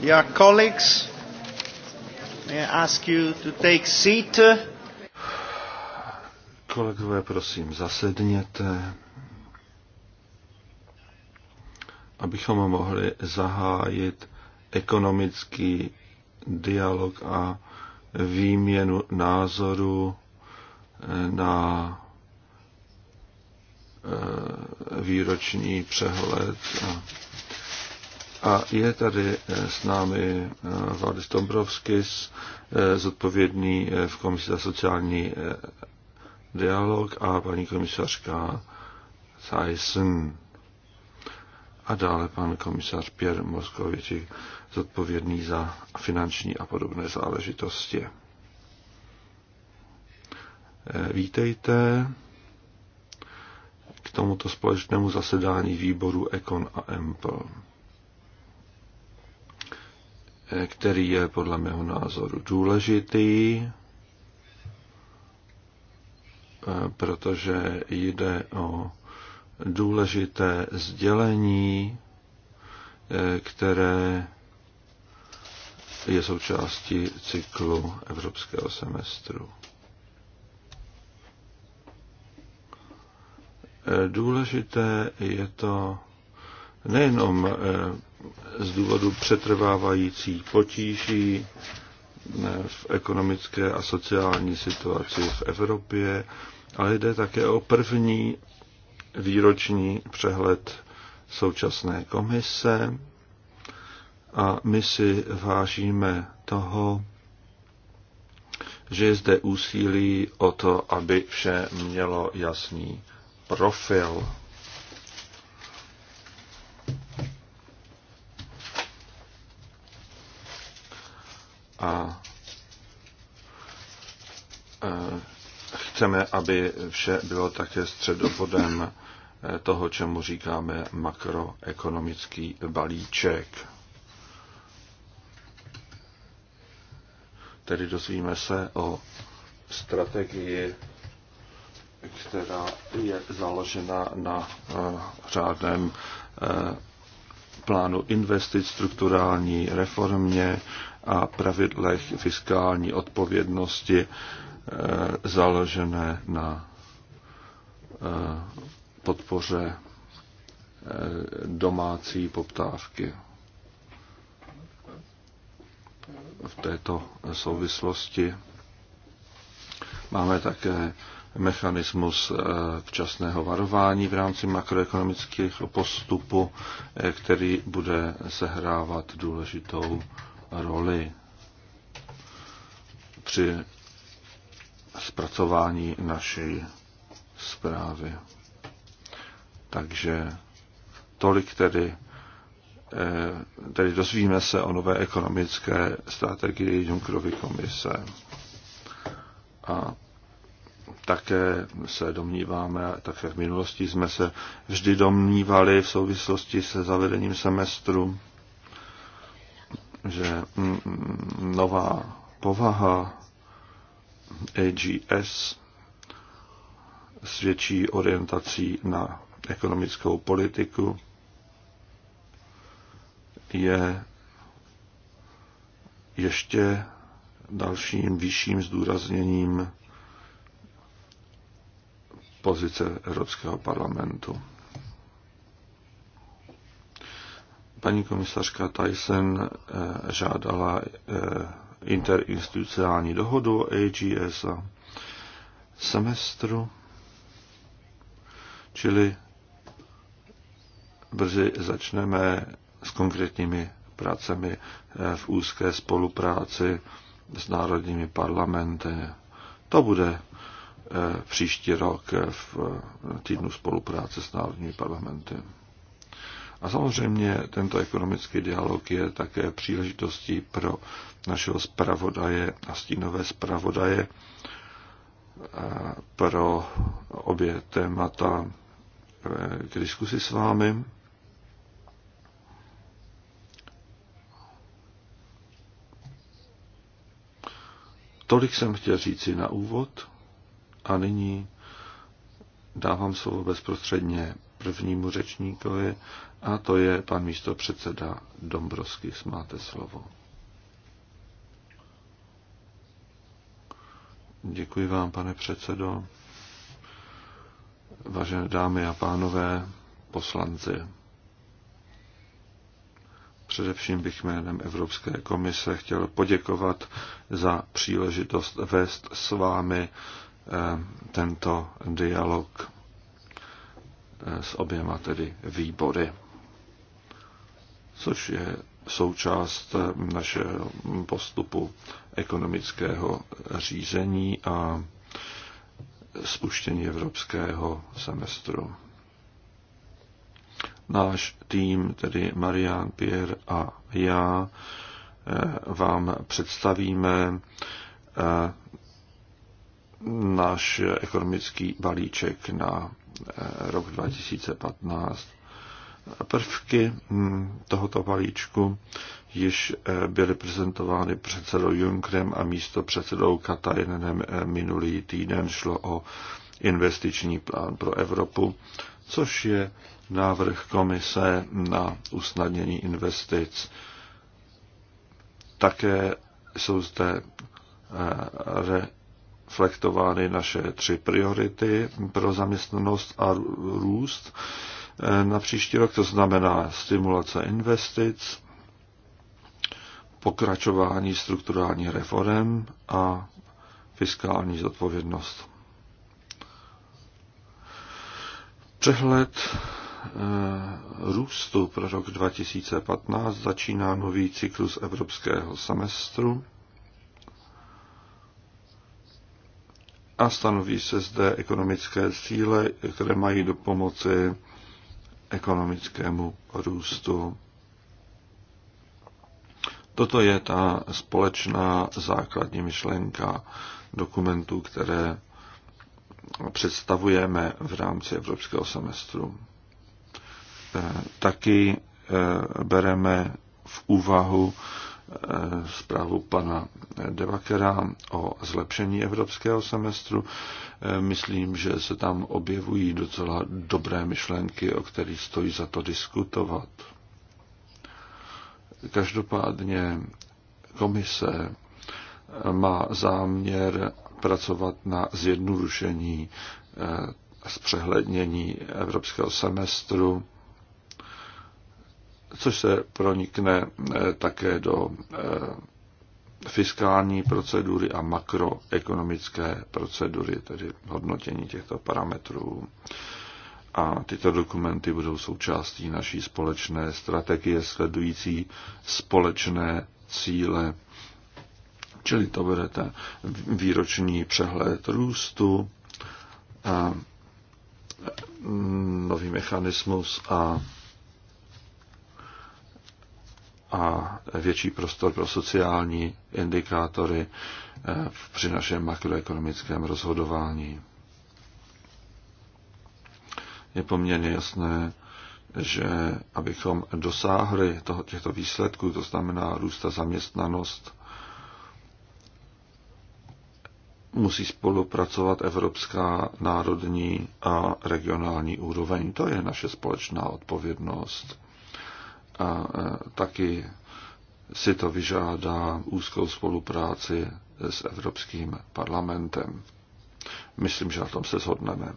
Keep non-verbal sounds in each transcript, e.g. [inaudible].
Dear colleagues, may I ask you to take seat? Kolegové, prosím, zasedněte, abychom mohli zahájit ekonomický dialog a výměnu názoru eh, na eh, výroční přehled a a je tady eh, s námi eh, Valdis Dombrovskis, eh, zodpovědný v Komisi za sociální dialog a paní komisařka Tyson. A dále pan komisař Pierre Moskoviči, zodpovědný za finanční a podobné záležitosti. Vítejte k tomuto společnému zasedání výboru Econ a Empl který je podle mého názoru důležitý, eh, protože jde o důležité sdělení, eh, které je součástí cyklu evropského semestru. Eh, důležité je to nejenom z důvodu přetrvávající potíží v ekonomické a sociální situaci v Evropě, ale jde také o první výroční přehled současné komise a my si vážíme toho, že je zde úsilí o to, aby vše mělo jasný profil. a e, chceme, aby vše bylo také středobodem e, toho, čemu říkáme makroekonomický balíček. Tedy dozvíme se o strategii, která je založena na e, řádném plánu investic, strukturální reformě, a pravidlech fiskální odpovědnosti eh, založené na eh, podpoře eh, domácí poptávky. V této souvislosti máme také mechanismus včasného varování v rámci makroekonomických postupů, který bude sehrávat důležitou roli při zpracování naší zprávy. Takže tolik tedy, eh, tedy dozvíme se o nové ekonomické strategii Junckerovy komise. A také se domníváme, a také v minulosti jsme se vždy domnívali v souvislosti se zavedením semestru, že mm, mm, nová povaha AGS s větší orientací na ekonomickou politiku je ještě dalším vyšším zdůrazněním pozice Evropského parlamentu. Paní komisařka Tyson eh, žádala eh, interinstitucionální dohodu o AGS a semestru, čili brzy začneme s konkrétními pracemi eh, v úzké spolupráci s národními parlamenty. To bude příští rok v týdnu spolupráce s národními parlamenty. A samozřejmě tento ekonomický dialog je také příležitostí pro našeho zpravodaje a stínové zpravodaje pro obě témata k diskusi s vámi. Tolik jsem chtěl říci na úvod a nyní dávám slovo bezprostředně prvnímu řečníkovi, a to je pan místo předseda Dombrovský. Máte slovo. Děkuji vám, pane předsedo. Vážené dámy a pánové, poslanci. Především bych jménem Evropské komise chtěl poděkovat za příležitost vést s vámi eh, tento dialog eh, s oběma tedy výbory což je součást našeho postupu ekonomického řízení a spuštění evropského semestru. Náš tým, tedy Marian, Pierre a já, eh, vám představíme eh, náš ekonomický balíček na eh, rok 2015. Prvky hm, tohoto balíčku již eh, byly prezentovány předsedou Junkrem a místo předsedou Katajnenem eh, minulý týden. Šlo o investiční plán pro Evropu, což je návrh komise na usnadnění investic. Také jsou zde eh, reflektovány naše tři priority pro zaměstnanost a růst. Eh, na příští rok, to znamená stimulace investic, pokračování strukturální reform a fiskální zodpovědnost. Přehled eh, růstu pro rok 2015 začíná nový cyklus evropského semestru a stanoví se zde ekonomické cíle, které mají do pomoci ekonomickému růstu. Toto je ta společná základní myšlenka dokumentů, které představujeme v rámci evropského semestru. Eh, taky eh, bereme v úvahu zprávu pana Devakera o zlepšení evropského semestru. Myslím, že se tam objevují docela dobré myšlenky, o kterých stojí za to diskutovat. Každopádně komise má záměr pracovat na zjednodušení eh, zpřehlednění evropského semestru což se pronikne eh, také do eh, fiskální procedury a makroekonomické procedury, tedy hodnotění těchto parametrů. A tyto dokumenty budou součástí naší společné strategie sledující společné cíle. Čili to bude ten výroční přehled růstu, a nový mechanismus a a větší prostor pro sociální indikátory eh, při našem makroekonomickém rozhodování. Je poměrně jasné, že abychom dosáhli toho, těchto výsledků, to znamená růsta zaměstnanost, musí spolupracovat evropská, národní a regionální úroveň. To je naše společná odpovědnost a e, taky si to vyžádá úzkou spolupráci s Evropským parlamentem. Myslím, že na tom se shodneme.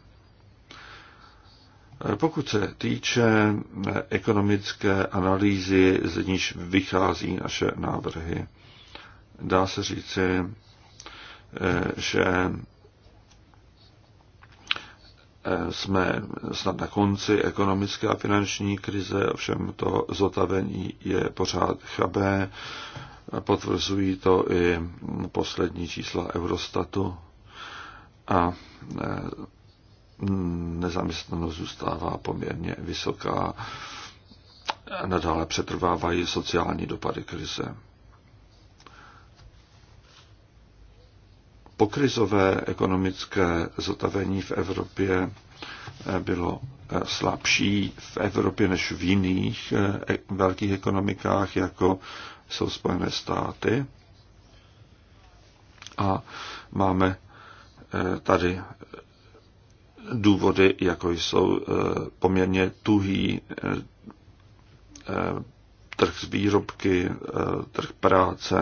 E, pokud se týče e, ekonomické analýzy, z níž vychází naše návrhy, dá se říci, že jsme snad na konci ekonomické a finanční krize, ovšem to zotavení je pořád chabé. Potvrzují to i poslední čísla Eurostatu a e, nezaměstnanost zůstává poměrně vysoká. Nadále přetrvávají sociální dopady krize. pokrizové ekonomické zotavení v Evropě eh, bylo eh, slabší v Evropě než v jiných eh, e, velkých ekonomikách, jako jsou Spojené státy. A máme tady důvody, jako jsou poměrně tuhý trh z výrobky, eh, trh práce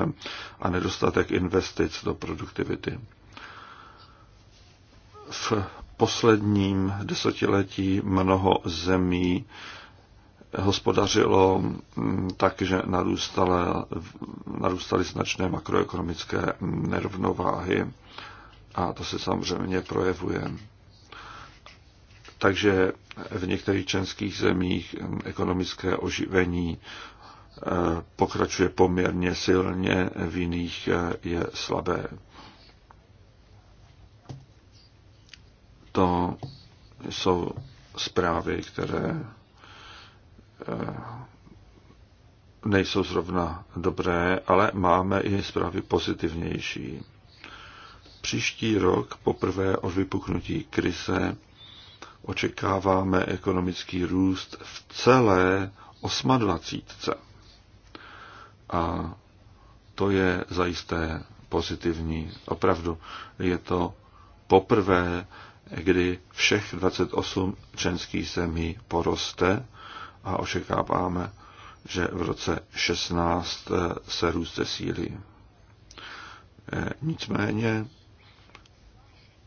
a nedostatek investic do produktivity. V posledním desetiletí mnoho zemí hospodařilo mm, tak, že narůstaly, narůstaly značné makroekonomické nerovnováhy a to se samozřejmě projevuje. Takže v některých členských zemích ekonomické oživení pokračuje poměrně silně, v jiných eh, je slabé. To jsou zprávy, které eh, nejsou zrovna dobré, ale máme i zprávy pozitivnější. Příští rok, poprvé od vypuknutí krize, očekáváme ekonomický růst v celé 28 a to je zajisté pozitivní. Opravdu je to poprvé, kdy všech 28 členských zemí poroste a očekáváme, že v roce 16 se růst zesílí. E, nicméně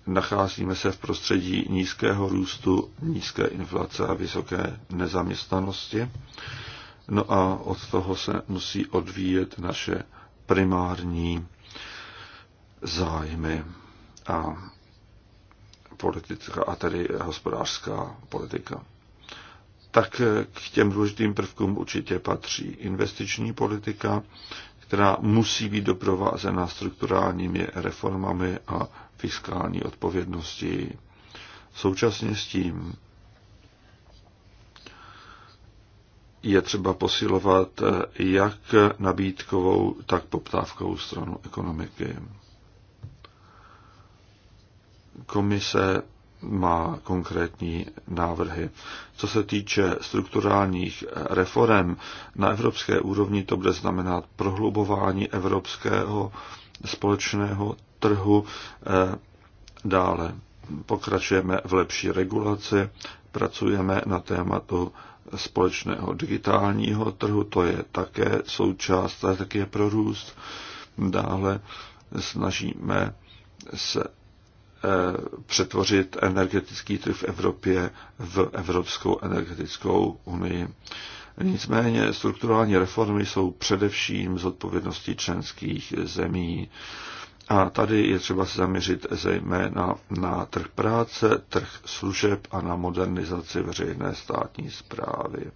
nacházíme se v prostředí nízkého růstu, nízké inflace a vysoké nezaměstnanosti No a od toho se musí odvíjet naše primární zájmy a politická, a tedy hospodářská politika. Tak k těm důležitým prvkům určitě patří investiční politika, která musí být doprovázena strukturálními reformami a fiskální odpovědností. Současně s tím je třeba posilovat jak nabídkovou, tak poptávkovou stranu ekonomiky. Komise má konkrétní návrhy. Co se týče strukturálních reform na evropské úrovni, to bude znamenat prohlubování evropského společného trhu eh, dále. Pokračujeme v lepší regulaci, pracujeme na tématu společného digitálního trhu, to je také součást je také prorůst. Dále snažíme se eh, přetvořit energetický trh v Evropě v Evropskou energetickou unii. Nicméně strukturální reformy jsou především z odpovědnosti členských zemí. A tady je třeba se zaměřit zejména na trh práce, trh služeb a na modernizaci veřejné státní zprávy.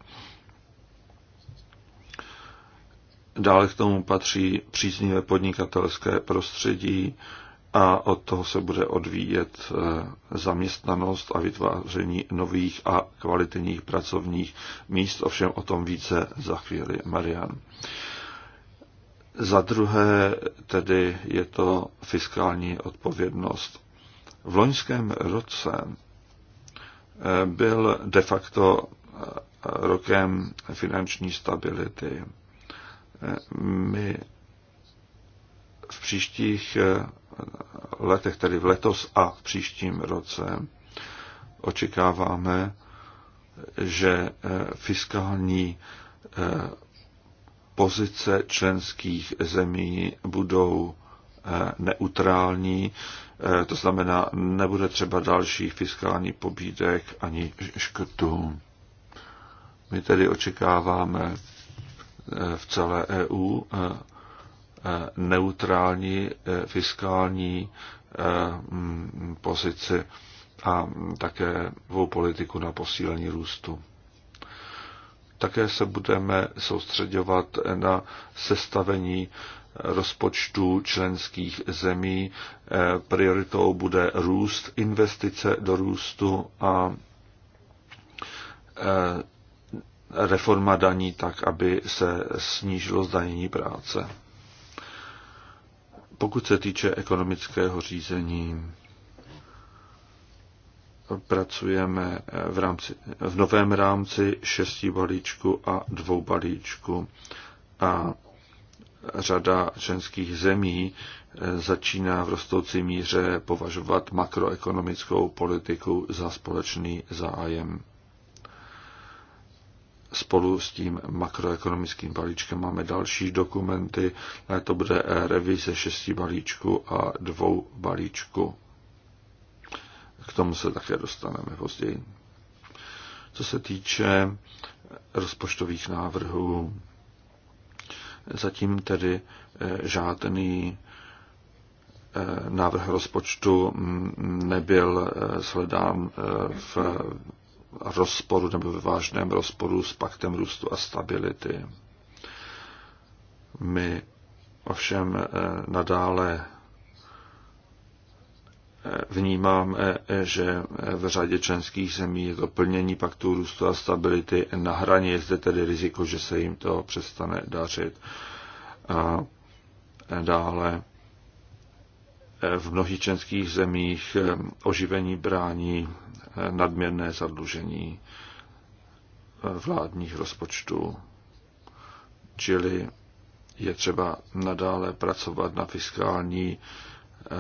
Dále k tomu patří příznivé podnikatelské prostředí a od toho se bude odvíjet eh, zaměstnanost a vytváření nových a kvalitních pracovních míst. Ovšem o tom více za chvíli Marian. Za druhé tedy je to fiskální odpovědnost. V loňském roce eh, byl de facto eh, rokem finanční stability. Eh, my v příštích letech, tedy v letos a v příštím roce, očekáváme, že fiskální pozice členských zemí budou eh, neutrální, eh, to znamená, nebude třeba dalších fiskálních pobídek ani škrtů. My tedy očekáváme eh, v celé EU neutrální fiskální mm, pozici a také dvou politiku na posílení růstu. Také se budeme soustředovat na sestavení rozpočtu členských zemí. Eh, prioritou bude růst, investice do růstu a eh, reforma daní tak, aby se snížilo zdanění práce. Pokud se týče ekonomického řízení, pracujeme v, rámci, v novém rámci šestí balíčku a dvou balíčku. A řada členských zemí eh, začíná v rostoucí míře považovat makroekonomickou politiku za společný zájem. Spolu s tím makroekonomickým balíčkem máme další dokumenty, to bude revize šesti balíčku a dvou balíčku. K tomu se také dostaneme později. Co se týče rozpočtových návrhů, zatím tedy eh, žádný eh, návrh rozpočtu mm, nebyl eh, shledán v rozporu nebo ve vážném rozporu s paktem růstu a stability. My ovšem nadále Vnímám, e, e, že v řadě členských zemí je to plnění paktu růstu a stability na hraně. Je zde tedy riziko, že se jim to přestane dařit. A dále e, v mnohých členských zemích oživení brání nadměrné zadlužení vládních rozpočtů. Čili je třeba nadále pracovat na fiskální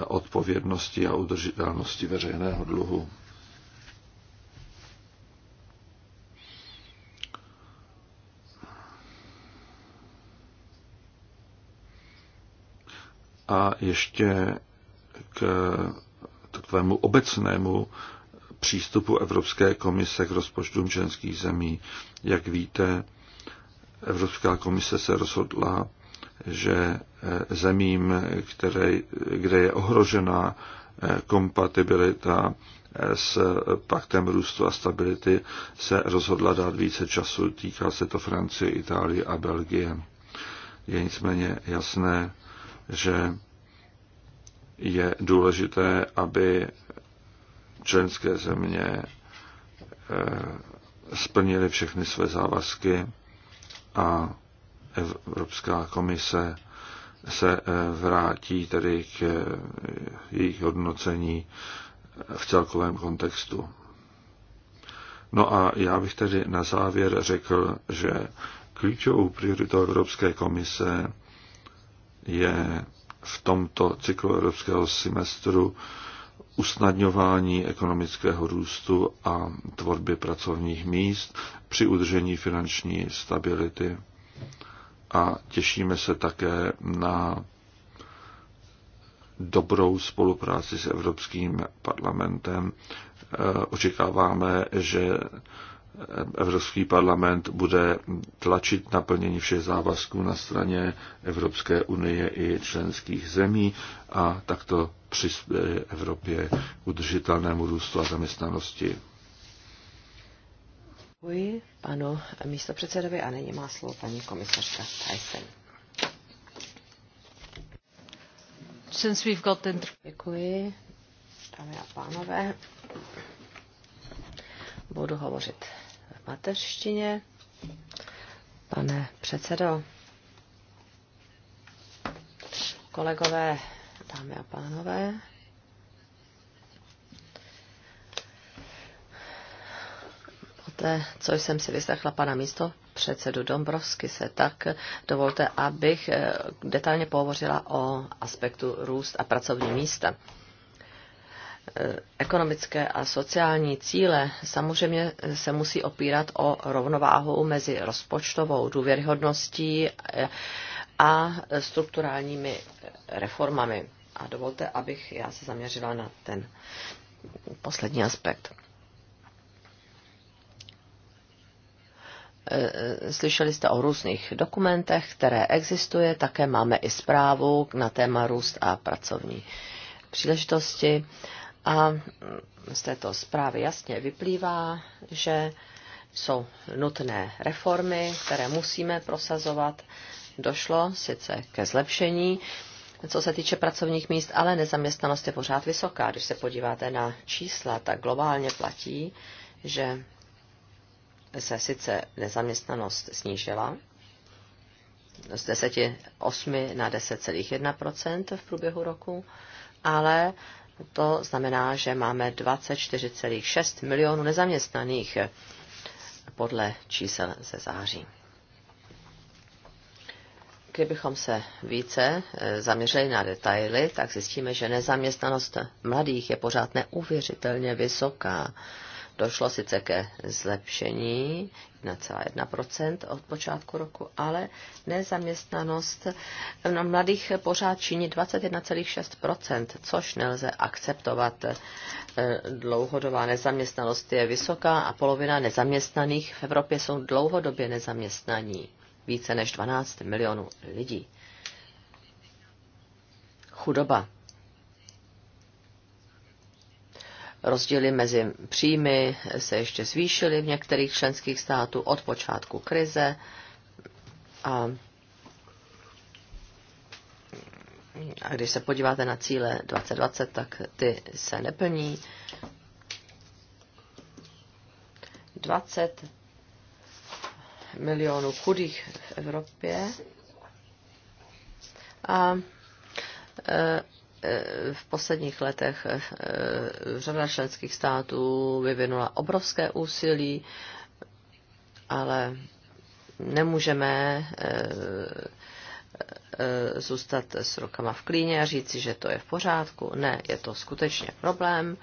odpovědnosti a udržitelnosti veřejného dluhu. A ještě k takovému obecnému přístupu Evropské komise k rozpočtům členských zemí. Jak víte, Evropská komise se rozhodla že eh, zemím, které, kde je ohrožena eh, kompatibilita eh, s paktem růstu a stability, se rozhodla dát více času. Týká se to Francie, Itálie a Belgie. Je nicméně jasné, že je důležité, aby členské země splnily všechny své závazky a Evropská komise se eh, vrátí tedy k eh, jejich hodnocení v celkovém kontextu. No a já bych tedy na závěr řekl, že klíčovou prioritou Evropské komise je v tomto cyklu evropského semestru usnadňování ekonomického růstu a tvorby pracovních míst při udržení finanční stability a těšíme se také na dobrou spolupráci s Evropským parlamentem. Eh, očekáváme, že Evropský parlament bude tlačit naplnění všech závazků na straně Evropské unie i členských zemí a takto přispěje Evropě k udržitelnému růstu a zaměstnanosti. Děkuji panu místopředsedovi a nyní má slovo paní komisařka Tyson. Since we've got the... Děkuji, dámy a pánové. Budu hovořit v mateřštině. Pane předsedo, kolegové, dámy a pánové, poté, co jsem si vyslechla pana místo předsedu Dombrovsky se, tak dovolte, abych eh, detailně pohovořila o aspektu růst a pracovní místa. Eh, ekonomické a sociální cíle samozřejmě se musí opírat o rovnováhu mezi rozpočtovou důvěryhodností eh, a strukturálními reformami. A dovolte, abych já se zaměřila na ten poslední aspekt. Eh, slyšeli jste o různých dokumentech, které existuje, také máme i zprávu na téma růst a pracovní příležitosti. A z této zprávy jasně vyplývá, že jsou nutné reformy, které musíme prosazovat. Došlo sice ke zlepšení, co se týče pracovních míst, ale nezaměstnanost je pořád vysoká. Když se podíváte na čísla, tak globálně platí, že se sice nezaměstnanost snížila z 10,8 na 10,1 v průběhu roku, ale to znamená, že máme 24,6 milionů nezaměstnaných podle čísel ze září. Kdybychom se více eh, zaměřili na detaily, tak zjistíme, že nezaměstnanost mladých je pořád neuvěřitelně vysoká. Došlo sice ke zlepšení 1,1 od počátku roku, ale nezaměstnanost na mladých pořád činí 21,6 což nelze akceptovat. E, dlouhodobá nezaměstnanost je vysoká a polovina nezaměstnaných v Evropě jsou dlouhodobě nezaměstnaní. Více než 12 milionů lidí. Chudoba rozdíly mezi příjmy se ještě zvýšily v některých členských států od počátku krize a a když se podíváte na cíle 2020, tak ty se neplní. 20 milionů chudých v Evropě. A e, v posledních letech eh, řada členských států vyvinula obrovské úsilí, ale nemůžeme eh, eh, zůstat s rukama v klíně a říci, že to je v pořádku. Ne, je to skutečně problém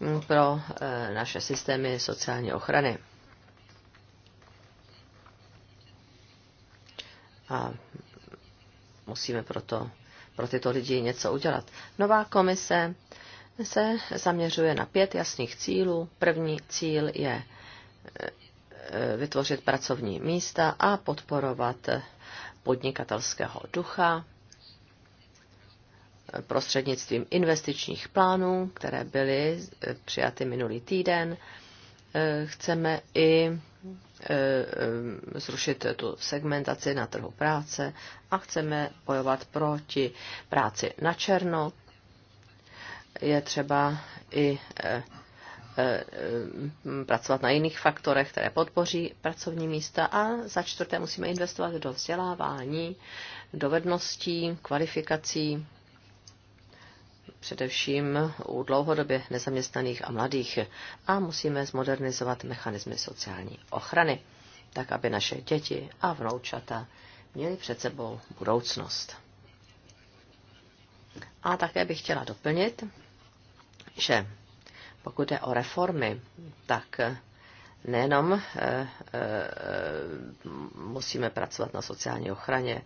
mm, pro naše systémy sociální ochrany. A musíme proto pro tyto lidi něco udělat. Nová komise se zaměřuje na pět jasných cílů. První cíl je eh, vytvořit pracovní místa a podporovat podnikatelského ducha prostřednictvím investičních plánů, které byly eh, přijaty minulý týden. Eh, chceme i Eh, eh, zrušit tu segmentaci na trhu práce a chceme bojovat proti práci na černo. Je třeba i eh, pracovat na jiných faktorech, které podpoří pracovní místa a za čtvrté musíme investovat do vzdělávání, dovedností, kvalifikací především u dlouhodobě nezaměstnaných a mladých a musíme zmodernizovat mechanismy sociální ochrany, tak aby naše děti a vnoučata měli před sebou budoucnost. A také bych chtěla doplnit, že pokud je o reformy, tak nejenom eh, eh, musíme pracovat na sociální ochraně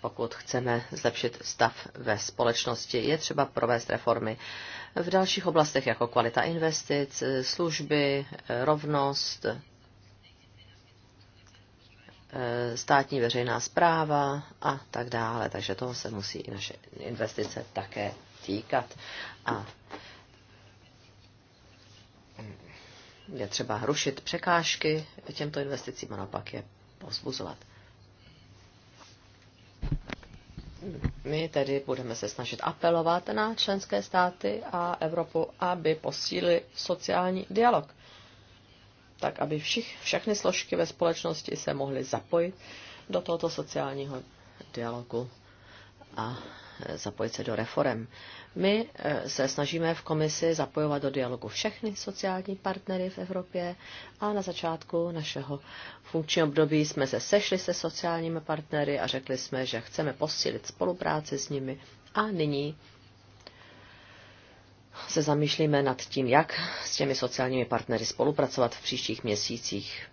pokud chceme zlepšit stav ve společnosti, je třeba provést reformy v dalších oblastech, jako kvalita investic, služby, rovnost, státní veřejná zpráva a tak dále. Takže toho se musí i naše investice také týkat. A je třeba rušit překážky těmto investicím a naopak je pozbuzovat. My tedy budeme se snažit apelovat na členské státy a Evropu, aby posílili sociální dialog, tak aby všich, všechny složky ve společnosti se mohly zapojit do tohoto sociálního dialogu a Eh, zapojit se do reform. My eh, se snažíme v komisi zapojovat do dialogu všechny sociální partnery v Evropě a na začátku našeho funkčního období jsme se sešli se sociálními partnery a řekli jsme, že chceme posílit spolupráci s nimi a nyní se zamýšlíme nad tím, jak s těmi sociálními partnery spolupracovat v příštích měsících,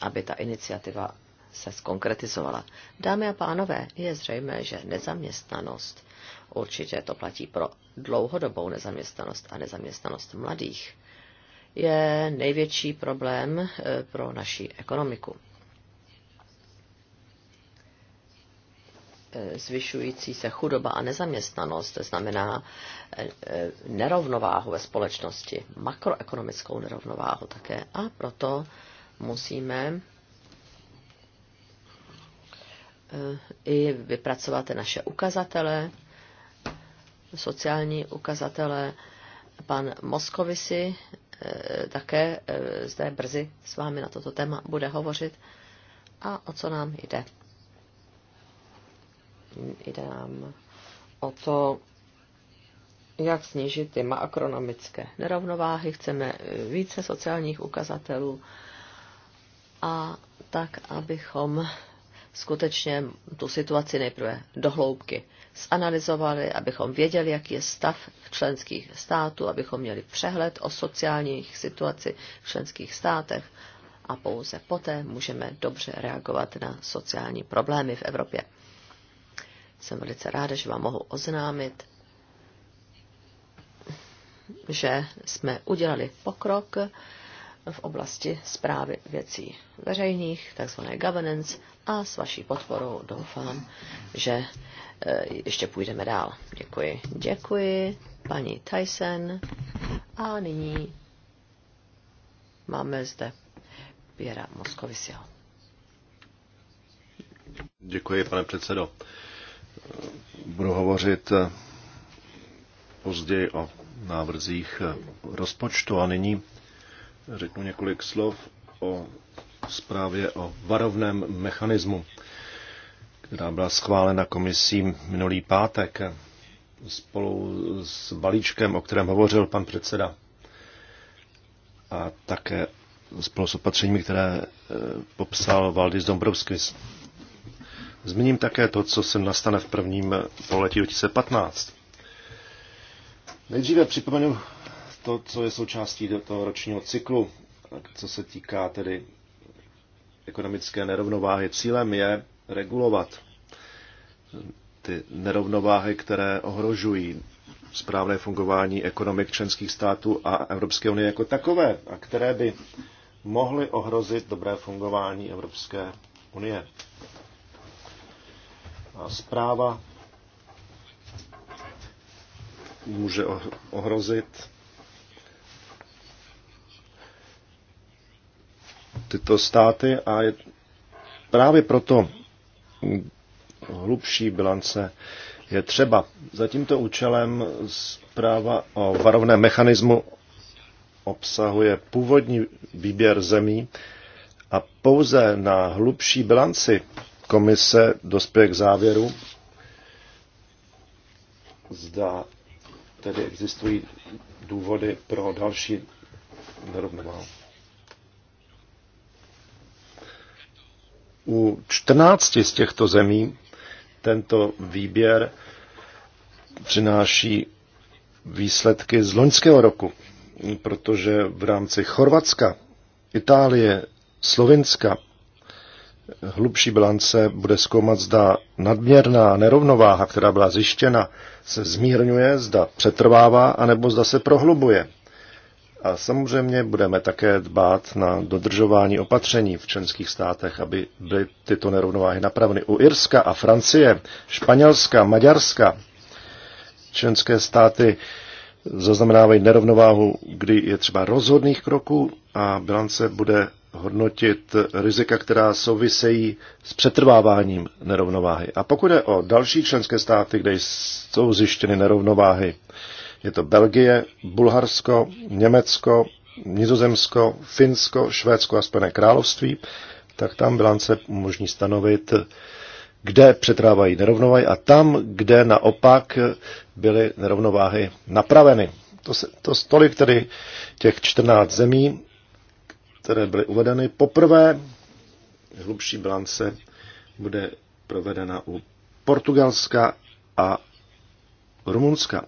aby ta iniciativa se skonkretizovala. Dámy a pánové, je zřejmé, že nezaměstnanost, určitě to platí pro dlouhodobou nezaměstnanost a nezaměstnanost mladých, je největší problém e, pro naši ekonomiku. E, zvyšující se chudoba a nezaměstnanost znamená e, nerovnováhu ve společnosti, makroekonomickou nerovnováhu také. A proto musíme i vypracovat naše ukazatele, sociální ukazatele. Pan Moskovisi eh, také eh, zde brzy s vámi na toto téma bude hovořit. A o co nám jde? Jde nám o to, jak snížit ty makronomické nerovnováhy. Chceme eh, více sociálních ukazatelů a tak, abychom skutečně tu situaci nejprve dohloubky zanalizovali, abychom věděli, jaký je stav v členských států, abychom měli přehled o sociálních situaci v členských státech a pouze poté můžeme dobře reagovat na sociální problémy v Evropě. Jsem velice ráda, že vám mohu oznámit, že jsme udělali pokrok v oblasti zprávy věcí veřejných, takzvané governance, a s vaší podporou doufám, že e, ještě půjdeme dál. Děkuji. Děkuji, paní Tyson. A nyní máme zde Pěra Moskovisiho. Děkuji, pane předsedo. Budu hovořit e, později o návrzích e, rozpočtu a nyní řeknu několik slov o zprávě o varovném mechanismu, která byla schválena komisí minulý pátek spolu s balíčkem, o kterém hovořil pan předseda. A také spolu s opatřeními, které eh, popsal Valdis Dombrovskis. Zmíním také to, co se nastane v prvním poletí 2015. Nejdříve připomenu to, co je součástí toho ročního cyklu, co se týká tedy ekonomické nerovnováhy. Cílem je regulovat ty nerovnováhy, které ohrožují správné fungování ekonomik členských států a Evropské unie jako takové, a které by mohly ohrozit dobré fungování Evropské unie. A zpráva může ohrozit tyto státy a je právě proto hlubší bilance je třeba. Za tímto účelem zpráva o varovném mechanismu obsahuje původní výběr zemí a pouze na hlubší bilanci komise dospěje k závěru, zda tedy existují důvody pro další nerovnováhu. U 14 z těchto zemí tento výběr přináší výsledky z loňského roku, protože v rámci Chorvatska, Itálie, Slovinska hlubší bilance bude zkoumat, zda nadměrná nerovnováha, která byla zjištěna, se zmírňuje, zda přetrvává, anebo zda se prohlubuje. A samozřejmě budeme také dbát na dodržování opatření v členských státech, aby byly tyto nerovnováhy napraveny. U Irska a Francie, Španělska, Maďarska členské státy zaznamenávají nerovnováhu, kdy je třeba rozhodných kroků a bilance bude hodnotit rizika, která souvisejí s přetrváváním nerovnováhy. A pokud je o další členské státy, kde jsou zjištěny nerovnováhy, je to Belgie, Bulharsko, Německo, Nizozemsko, Finsko, Švédsko a Spojené království, tak tam bilance umožní stanovit, kde přetrávají nerovnováhy a tam, kde naopak byly nerovnováhy napraveny. To, se, to stolik, tedy těch 14 zemí, které byly uvedeny. Poprvé hlubší bilance bude provedena u Portugalska a Rumunska.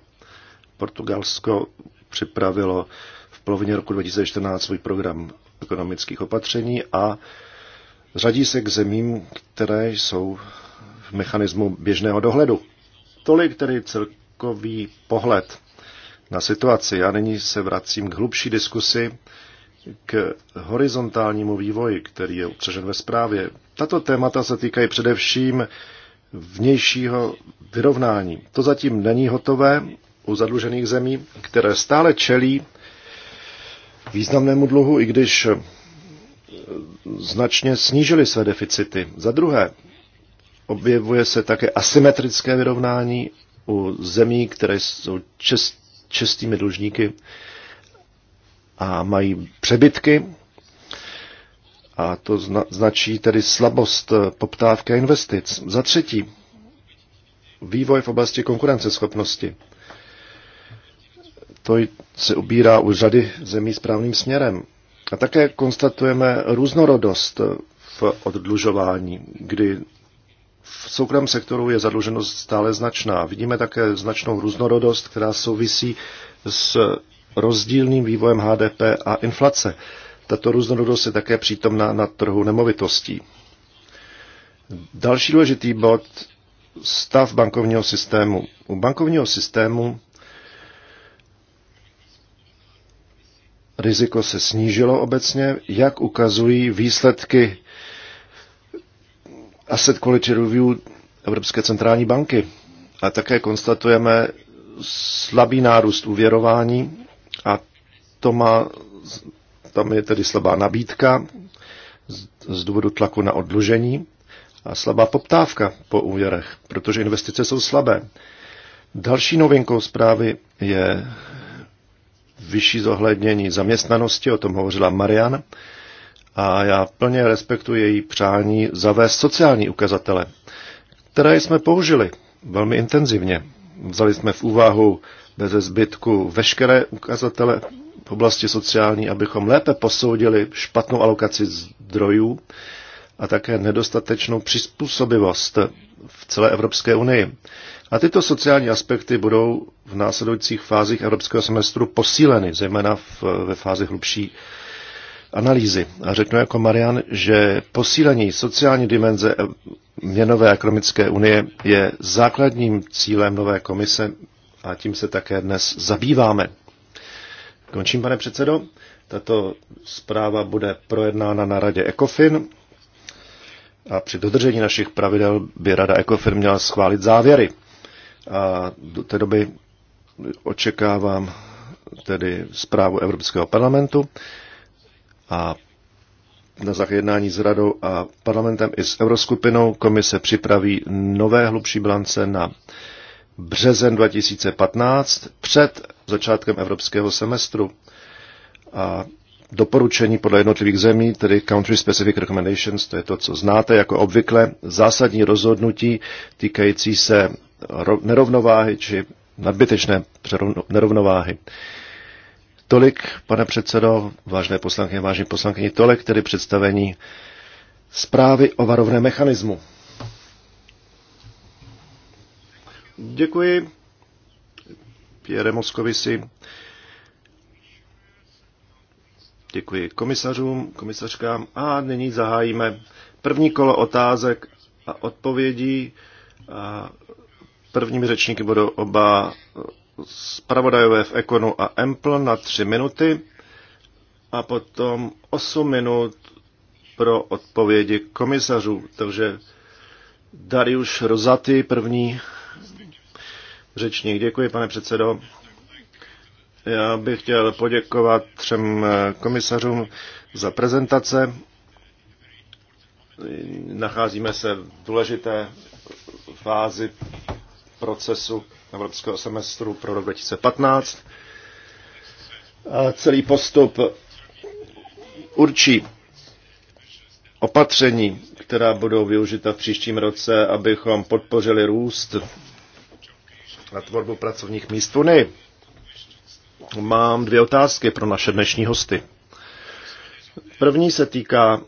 Portugalsko připravilo v polovině roku 2014 svůj program ekonomických opatření a řadí se k zemím, které jsou v mechanismu běžného dohledu. Tolik tedy celkový pohled na situaci. Já nyní se vracím k hlubší diskusi k horizontálnímu vývoji, který je upřežen ve zprávě. Tato témata se týkají především vnějšího vyrovnání. To zatím není hotové, u zadlužených zemí, které stále čelí významnému dluhu, i když eh, značně snížily své deficity. Za druhé, objevuje se také asymetrické vyrovnání u zemí, které jsou čest, čestými dlužníky a mají přebytky. A to zna, značí tedy slabost eh, poptávky a investic. Za třetí, vývoj v oblasti konkurenceschopnosti to se ubírá u řady zemí správným směrem. A také konstatujeme různorodost v oddlužování, kdy v soukromém sektoru je zadluženost stále značná. Vidíme také značnou různorodost, která souvisí s rozdílným vývojem HDP a inflace. Tato různorodost je také přítomná na trhu nemovitostí. Další důležitý bod stav bankovního systému. U bankovního systému riziko se snížilo obecně, jak ukazují výsledky Asset Quality Review Evropské centrální banky. A také konstatujeme slabý nárůst uvěrování a to má, tam je tedy slabá nabídka z, z důvodu tlaku na odlužení a slabá poptávka po úvěrech, protože investice jsou slabé. Další novinkou zprávy je vyšší zohlednění zaměstnanosti, o tom hovořila Marian, a já plně respektuji její přání zavést sociální ukazatele, které jsme použili velmi intenzivně. Vzali jsme v úvahu bez zbytku veškeré ukazatele v oblasti sociální, abychom lépe posoudili špatnou alokaci zdrojů a také nedostatečnou přizpůsobivost v celé Evropské unii. A tyto sociální aspekty budou v následujících fázích evropského semestru posíleny, zejména v, ve fázi hlubší analýzy. A řeknu jako Marian, že posílení sociální dimenze měnové a ekonomické unie je základním cílem nové komise a tím se také dnes zabýváme. Končím, pane předsedo. Tato zpráva bude projednána na radě ECOFIN a při dodržení našich pravidel by rada ECOFIN měla schválit závěry. A do té doby očekávám tedy zprávu Evropského parlamentu a na jednání s radou a parlamentem i s Euroskupinou komise připraví nové hlubší blance na březen 2015 před začátkem evropského semestru a doporučení podle jednotlivých zemí, tedy Country Specific Recommendations, to je to, co znáte jako obvykle, zásadní rozhodnutí týkající se nerovnováhy či nadbytečné nerovnováhy. Tolik, pane předsedo, vážné poslankyně, vážení poslankyni, tolik tedy představení zprávy o varovném mechanismu. Děkuji Pěre Moskovisi. Děkuji komisařům, komisařkám a nyní zahájíme první kolo otázek a odpovědí. A Prvními řečníky budou oba zpravodajové v Ekonu a Empl na tři minuty a potom 8 minut pro odpovědi komisařů. Takže Darius Rozaty, první řečník. Děkuji, pane předsedo. Já bych chtěl poděkovat třem komisařům za prezentace. Nacházíme se v důležité fázi procesu evropského semestru pro rok 2015. A celý postup určí opatření, která budou využita v příštím roce, abychom podpořili růst na tvorbu pracovních míst v Mám dvě otázky pro naše dnešní hosty. První se týká,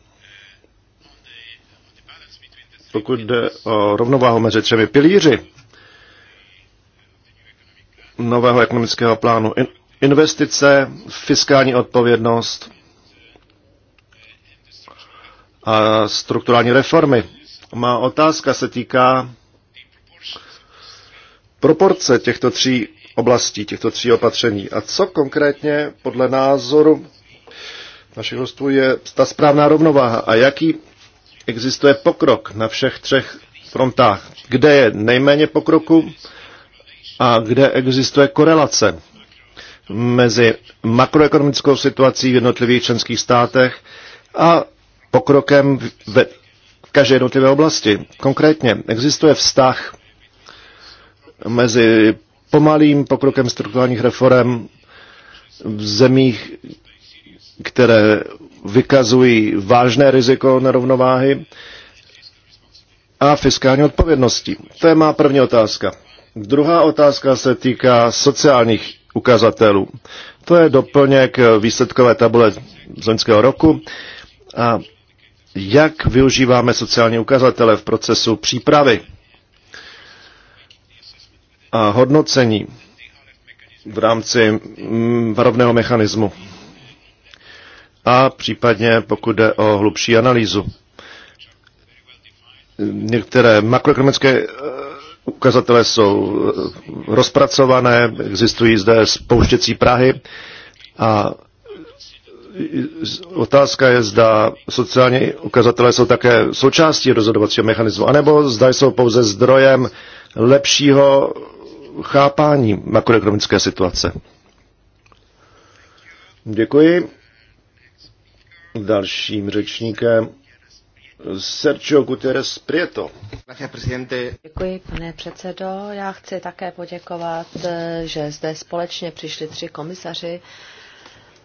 pokud jde o rovnováhu mezi třemi pilíři nového ekonomického plánu. Investice, fiskální odpovědnost a strukturální reformy. Má otázka se týká proporce těchto tří oblastí, těchto tří opatření. A co konkrétně podle názoru našich hostů je ta správná rovnováha a jaký existuje pokrok na všech třech frontách? Kde je nejméně pokroku a kde existuje korelace mezi makroekonomickou situací v jednotlivých členských státech a pokrokem ve každé jednotlivé oblasti. Konkrétně existuje vztah mezi pomalým pokrokem strukturálních reform v zemích, které vykazují vážné riziko nerovnováhy a fiskální odpovědnosti. To je má první otázka. Druhá otázka se týká sociálních ukazatelů. To je doplněk výsledkové tabule z loňského roku. A jak využíváme sociální ukazatele v procesu přípravy a hodnocení v rámci mm, varovného mechanismu a případně pokud jde o hlubší analýzu. Některé makroekonomické eh, Ukazatele jsou eh, rozpracované, existují zde spouštěcí Prahy a eh, otázka je, zda sociální ukazatele jsou také součástí rozhodovacího mechanismu, anebo zda jsou pouze zdrojem lepšího chápání makroekonomické situace. Děkuji. Dalším řečníkem Sergio Guterres Prieto. Děkuji, pane předsedo. Já chci také poděkovat, že zde společně přišli tři komisaři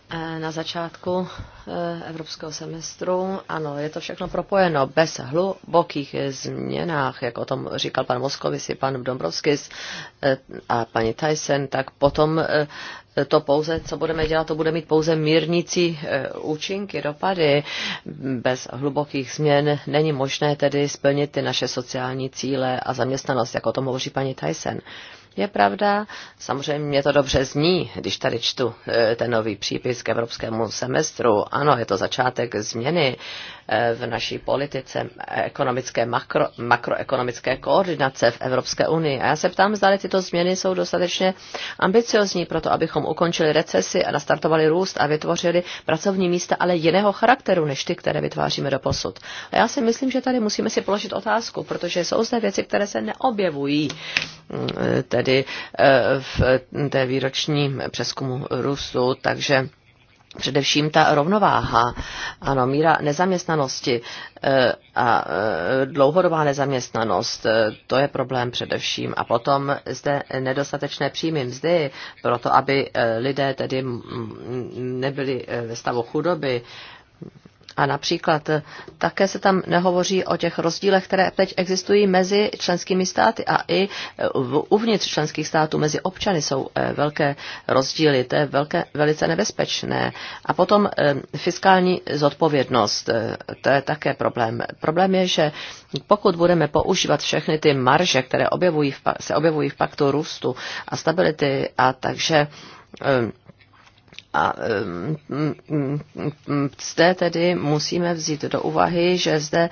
eh, na začátku eh, evropského semestru. Ano, je to všechno propojeno bez hlubokých změnách, jak o tom říkal pan Moskovici, pan Dombrovskis eh, a paní Tyson, tak potom to pouze, co budeme dělat, to bude mít pouze mírnící e, účinky, dopady. Bez hlubokých změn není možné tedy splnit ty naše sociální cíle a zaměstnanost, jak o tom hovoří paní Tyson. Uh, je pravda, samozřejmě mě to dobře zní, když tady čtu e, ten nový přípis k evropskému semestru. Ano, je to začátek změny e, v naší politice ekonomické makro, makroekonomické koordinace v Evropské unii. A já se ptám, zda tyto změny jsou dostatečně ambiciozní pro to, abychom ukončili recesi a nastartovali růst a vytvořili pracovní místa, ale jiného charakteru než ty, které vytváříme do posud. A já si myslím, že tady musíme si položit otázku, protože jsou zde věci, které se neobjevují tedy tedy eh, v té výroční přeskumu růstu, takže Především ta rovnováha, ano, míra nezaměstnanosti eh, a eh, dlouhodobá nezaměstnanost, to je problém především. A potom zde nedostatečné příjmy mzdy, proto aby lidé tedy nebyli ve stavu chudoby, a například eh, také se tam nehovoří o těch rozdílech, které teď existují mezi členskými státy a i eh, uvnitř členských států mezi občany jsou eh, velké rozdíly. To je velké, velice nebezpečné. A potom fiskální zodpovědnost, to je také problém. Problém je, že pokud budeme používat všechny ty marže, které objevují v, se objevují v paktu růstu a stability, a takže a mm, mm, zde tedy musíme vzít do úvahy, že zde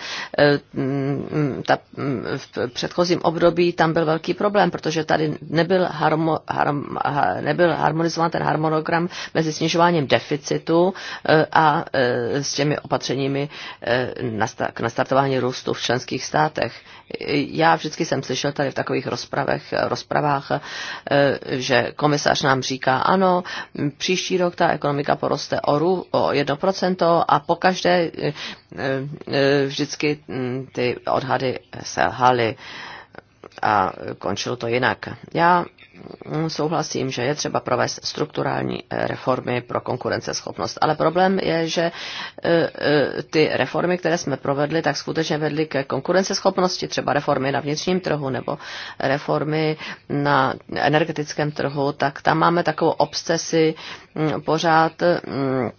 mm, ta, v předchozím období tam byl velký problém, protože tady nebyl, harmo, harm, nebyl harmonizován ten harmonogram mezi snižováním deficitu eh, a eh, s těmi opatřeními eh, k nastartování růstu v členských státech já vždycky jsem slyšel tady v takových rozpravech, rozpravách, eh, že komisař nám říká, ano, příští rok ta ekonomika poroste o, rů, o 1% a pokaždé eh, eh, vždycky mm, ty odhady selhaly a končilo to jinak. Já souhlasím, že je třeba provést strukturální eh, reformy pro konkurenceschopnost, ale problém je, že eh, eh, ty reformy, které jsme provedli, tak skutečně vedly ke konkurenceschopnosti, třeba reformy na vnitřním trhu nebo reformy na energetickém trhu, tak tam máme takovou obsesi mm, pořád mm,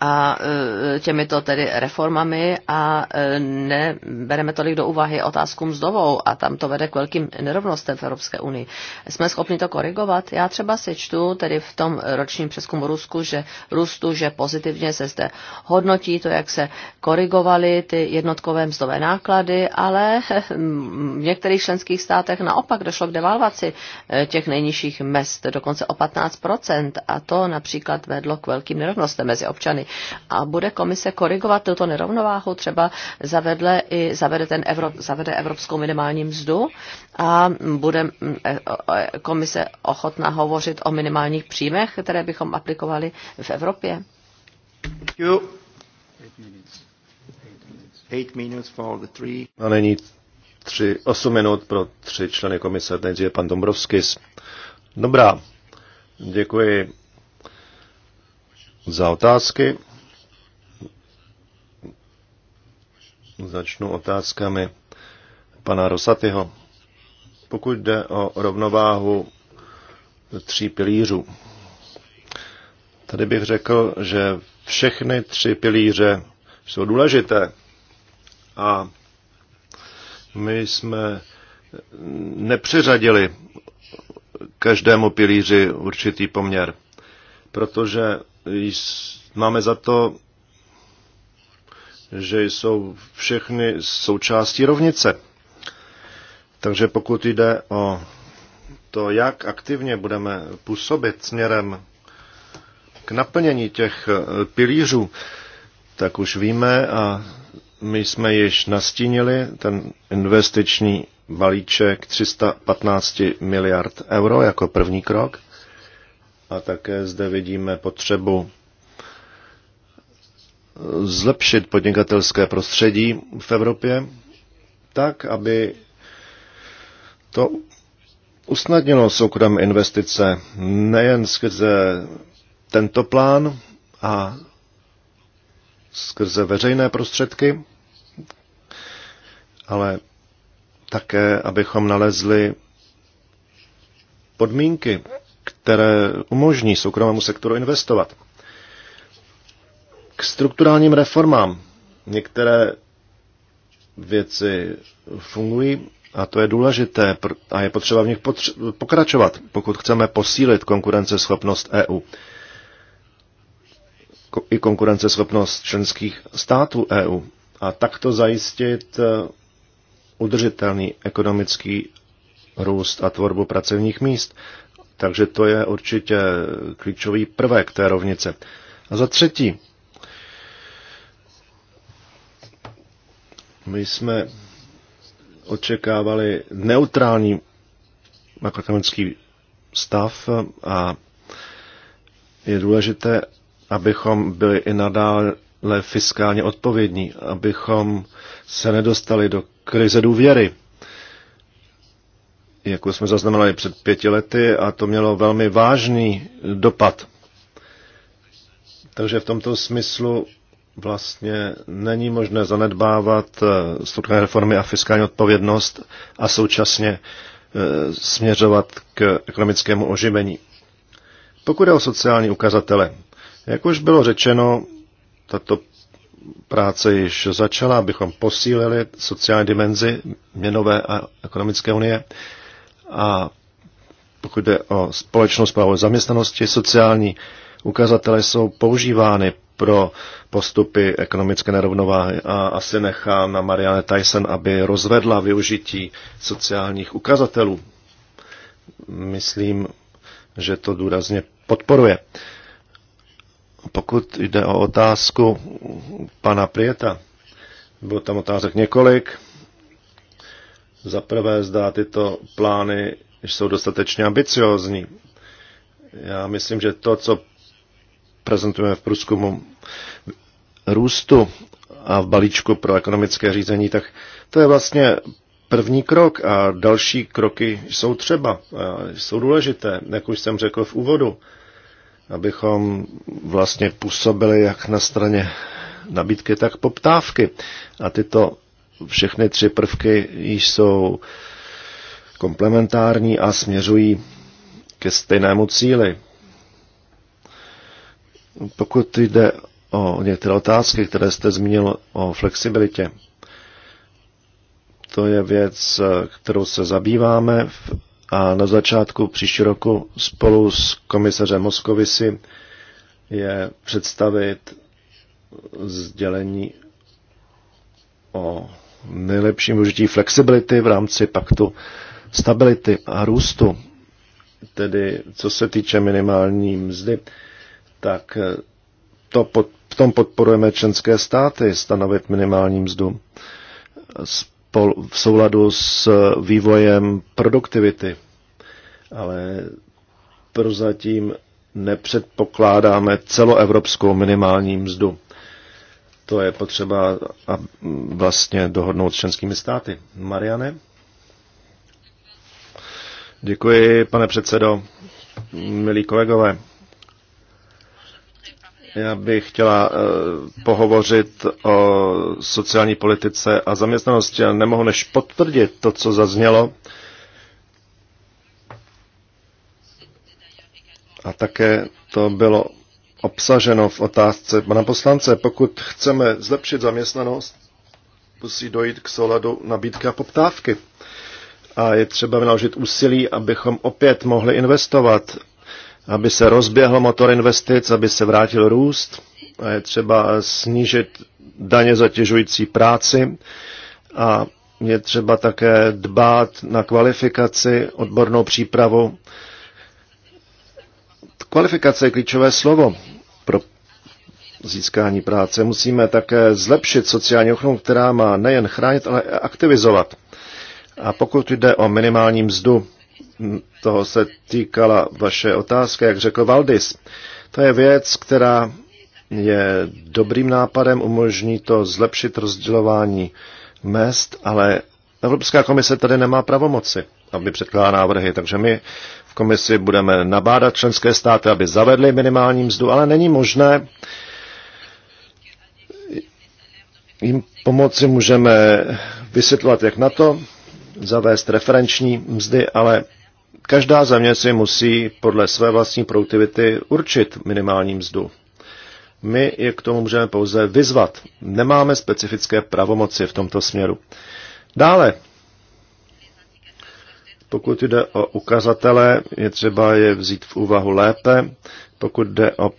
a e, těmito tedy reformami a e, nebereme tolik do úvahy otázku mzdovou a tam to vede k velkým nerovnostem v Evropské unii. Jsme schopni to korigovat? Já třeba si čtu tedy v tom ročním přeskumu Rusku, že Rustu, že pozitivně se zde hodnotí to, jak se korigovaly ty jednotkové mzdové náklady, ale [laughs] v některých členských státech naopak došlo k devalvaci e, těch nejnižších mest, dokonce o 15%, a to například vedlo k velkým nerovnostem mezi občany občany. A bude komise korigovat tuto nerovnováhu, třeba zavedle i zavede, ten Evrop, zavede evropskou minimální mzdu a bude mm, e, komise ochotná hovořit o minimálních příjmech, které bychom aplikovali v Evropě. A není tři, osm minut pro tři členy komise, nejdříve pan Dombrovskis. Dobrá, děkuji za otázky. Začnu otázkami pana Rosatyho. Pokud jde o rovnováhu tří pilířů, tady bych řekl, že všechny tři pilíře jsou důležité a my jsme nepřiřadili každému pilíři určitý poměr, protože máme za to, že jsou všechny součástí rovnice. Takže pokud jde o to, jak aktivně budeme působit směrem k naplnění těch eh, pilířů, tak už víme a my jsme již nastínili ten investiční balíček 315 miliard euro jako první krok. A také zde vidíme potřebu zlepšit podnikatelské prostředí v Evropě tak, aby to usnadnilo soukromé investice nejen skrze tento plán a skrze veřejné prostředky, ale také, abychom nalezli podmínky které umožní soukromému sektoru investovat. K strukturálním reformám. Některé věci fungují a to je důležité a je potřeba v nich pokračovat, pokud chceme posílit konkurenceschopnost EU i konkurenceschopnost členských států EU a takto zajistit eh, udržitelný ekonomický růst a tvorbu pracovních míst. Takže to je určitě klíčový prvek té rovnice. A za třetí, my jsme očekávali neutrální makroekonomický stav a je důležité, abychom byli i nadále fiskálně odpovědní, abychom se nedostali do krize důvěry jakou jsme zaznamenali před pěti lety a to mělo velmi vážný dopad. Takže v tomto smyslu vlastně není možné zanedbávat eh, strukturální reformy a fiskální odpovědnost a současně eh, směřovat k ekonomickému oživení. Pokud je o sociální ukazatele, jak už bylo řečeno, tato práce již začala, abychom posílili sociální dimenzi měnové a ekonomické unie. A pokud jde o společnou zprávu zaměstnanosti, sociální ukazatele jsou používány pro postupy ekonomické nerovnováhy a asi nechám na Marianne Tyson, aby rozvedla využití sociálních ukazatelů. Myslím, že to důrazně podporuje. Pokud jde o otázku pana Prieta, bylo tam otázek několik, za prvé, zdá tyto plány jsou dostatečně ambiciózní. Já myslím, že to, co prezentujeme v průzkumu růstu a v balíčku pro ekonomické řízení, tak to je vlastně první krok a další kroky jsou třeba, jsou důležité, jak už jsem řekl v úvodu, abychom vlastně působili jak na straně nabídky, tak poptávky. A tyto všechny tři prvky již jsou komplementární a směřují ke stejnému cíli. Pokud jde o některé otázky, které jste zmínil o flexibilitě, to je věc, kterou se zabýváme a na začátku příští roku spolu s komisařem Moskovisy je představit sdělení o nejlepším využití flexibility v rámci paktu stability a růstu. Tedy co se týče minimální mzdy, tak eh, to pod, v tom podporujeme členské státy stanovit minimální mzdu spol, v souladu s eh, vývojem produktivity. Ale prozatím nepředpokládáme celoevropskou minimální mzdu to je potřeba a mm, vlastně dohodnout s členskými státy. Mariane? Děkuji, pane předsedo, milí kolegové. Já bych chtěla eh, pohovořit o sociální politice a zaměstnanosti, Já nemohu než potvrdit to, co zaznělo. A také to bylo obsaženo v otázce pana poslance. Pokud chceme zlepšit zaměstnanost, musí dojít k souladu nabídky a poptávky. A je třeba vynaložit úsilí, abychom opět mohli investovat, aby se rozběhl motor investic, aby se vrátil růst. A je třeba snížit daně zatěžující práci a je třeba také dbát na kvalifikaci, odbornou přípravu Kvalifikace je klíčové slovo pro získání práce. Musíme také zlepšit sociální ochranu, která má nejen chránit, ale aktivizovat. A pokud jde o minimální mzdu, toho se týkala vaše otázka, jak řekl Valdis. To je věc, která je dobrým nápadem, umožní to zlepšit rozdělování mest, ale Evropská komise tady nemá pravomoci, aby předkládala návrhy, takže my v komisi budeme nabádat členské státy, aby zavedly minimální mzdu, ale není možné jim pomoci. Můžeme vysvětlovat, jak na to, zavést referenční mzdy, ale každá země si musí podle své vlastní produktivity určit minimální mzdu. My je k tomu můžeme pouze vyzvat. Nemáme specifické pravomoci v tomto směru. Dále pokud jde o ukazatele, je třeba je vzít v úvahu lépe. Pokud jde o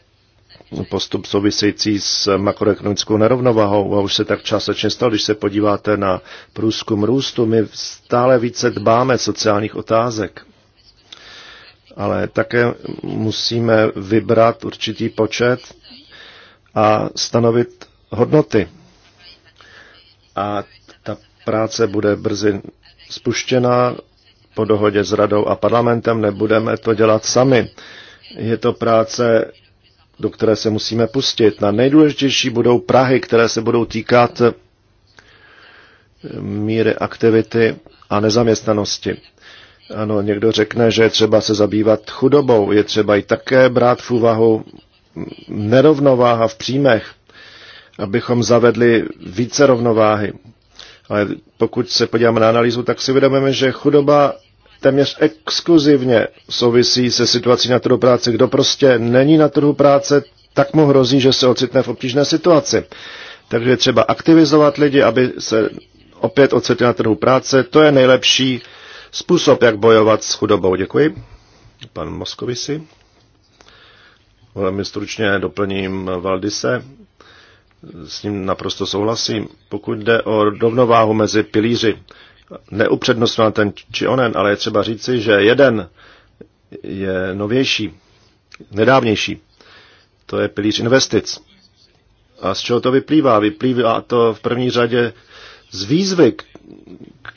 postup související s makroekonomickou nerovnovahou, a už se tak částečně stalo, když se podíváte na průzkum růstu, my stále více dbáme sociálních otázek. Ale také musíme vybrat určitý počet a stanovit hodnoty. A ta práce bude brzy spuštěna po dohodě s radou a parlamentem, nebudeme to dělat sami. Je to práce, do které se musíme pustit. Na nejdůležitější budou Prahy, které se budou týkat eh, míry aktivity a nezaměstnanosti. Ano, někdo řekne, že je třeba se zabývat chudobou, je třeba i také brát v úvahu nerovnováha v příjmech, abychom zavedli více rovnováhy. Ale pokud se podíváme na analýzu, tak si uvědomíme, že chudoba téměř exkluzivně souvisí se situací na trhu práce. Kdo prostě není na trhu práce, tak mu hrozí, že se ocitne v obtížné situaci. Takže třeba aktivizovat lidi, aby se opět ocitli na trhu práce. To je nejlepší způsob, jak bojovat s chudobou. Děkuji. Pan Moskovisi. Velmi stručně doplním Valdise s ním naprosto souhlasím. Pokud jde o rovnováhu mezi pilíři, neupřednostňovat ten či onen, ale je třeba říci, že jeden je novější, nedávnější. To je pilíř investic. A z čeho to vyplývá? Vyplývá to v první řadě z výzvy,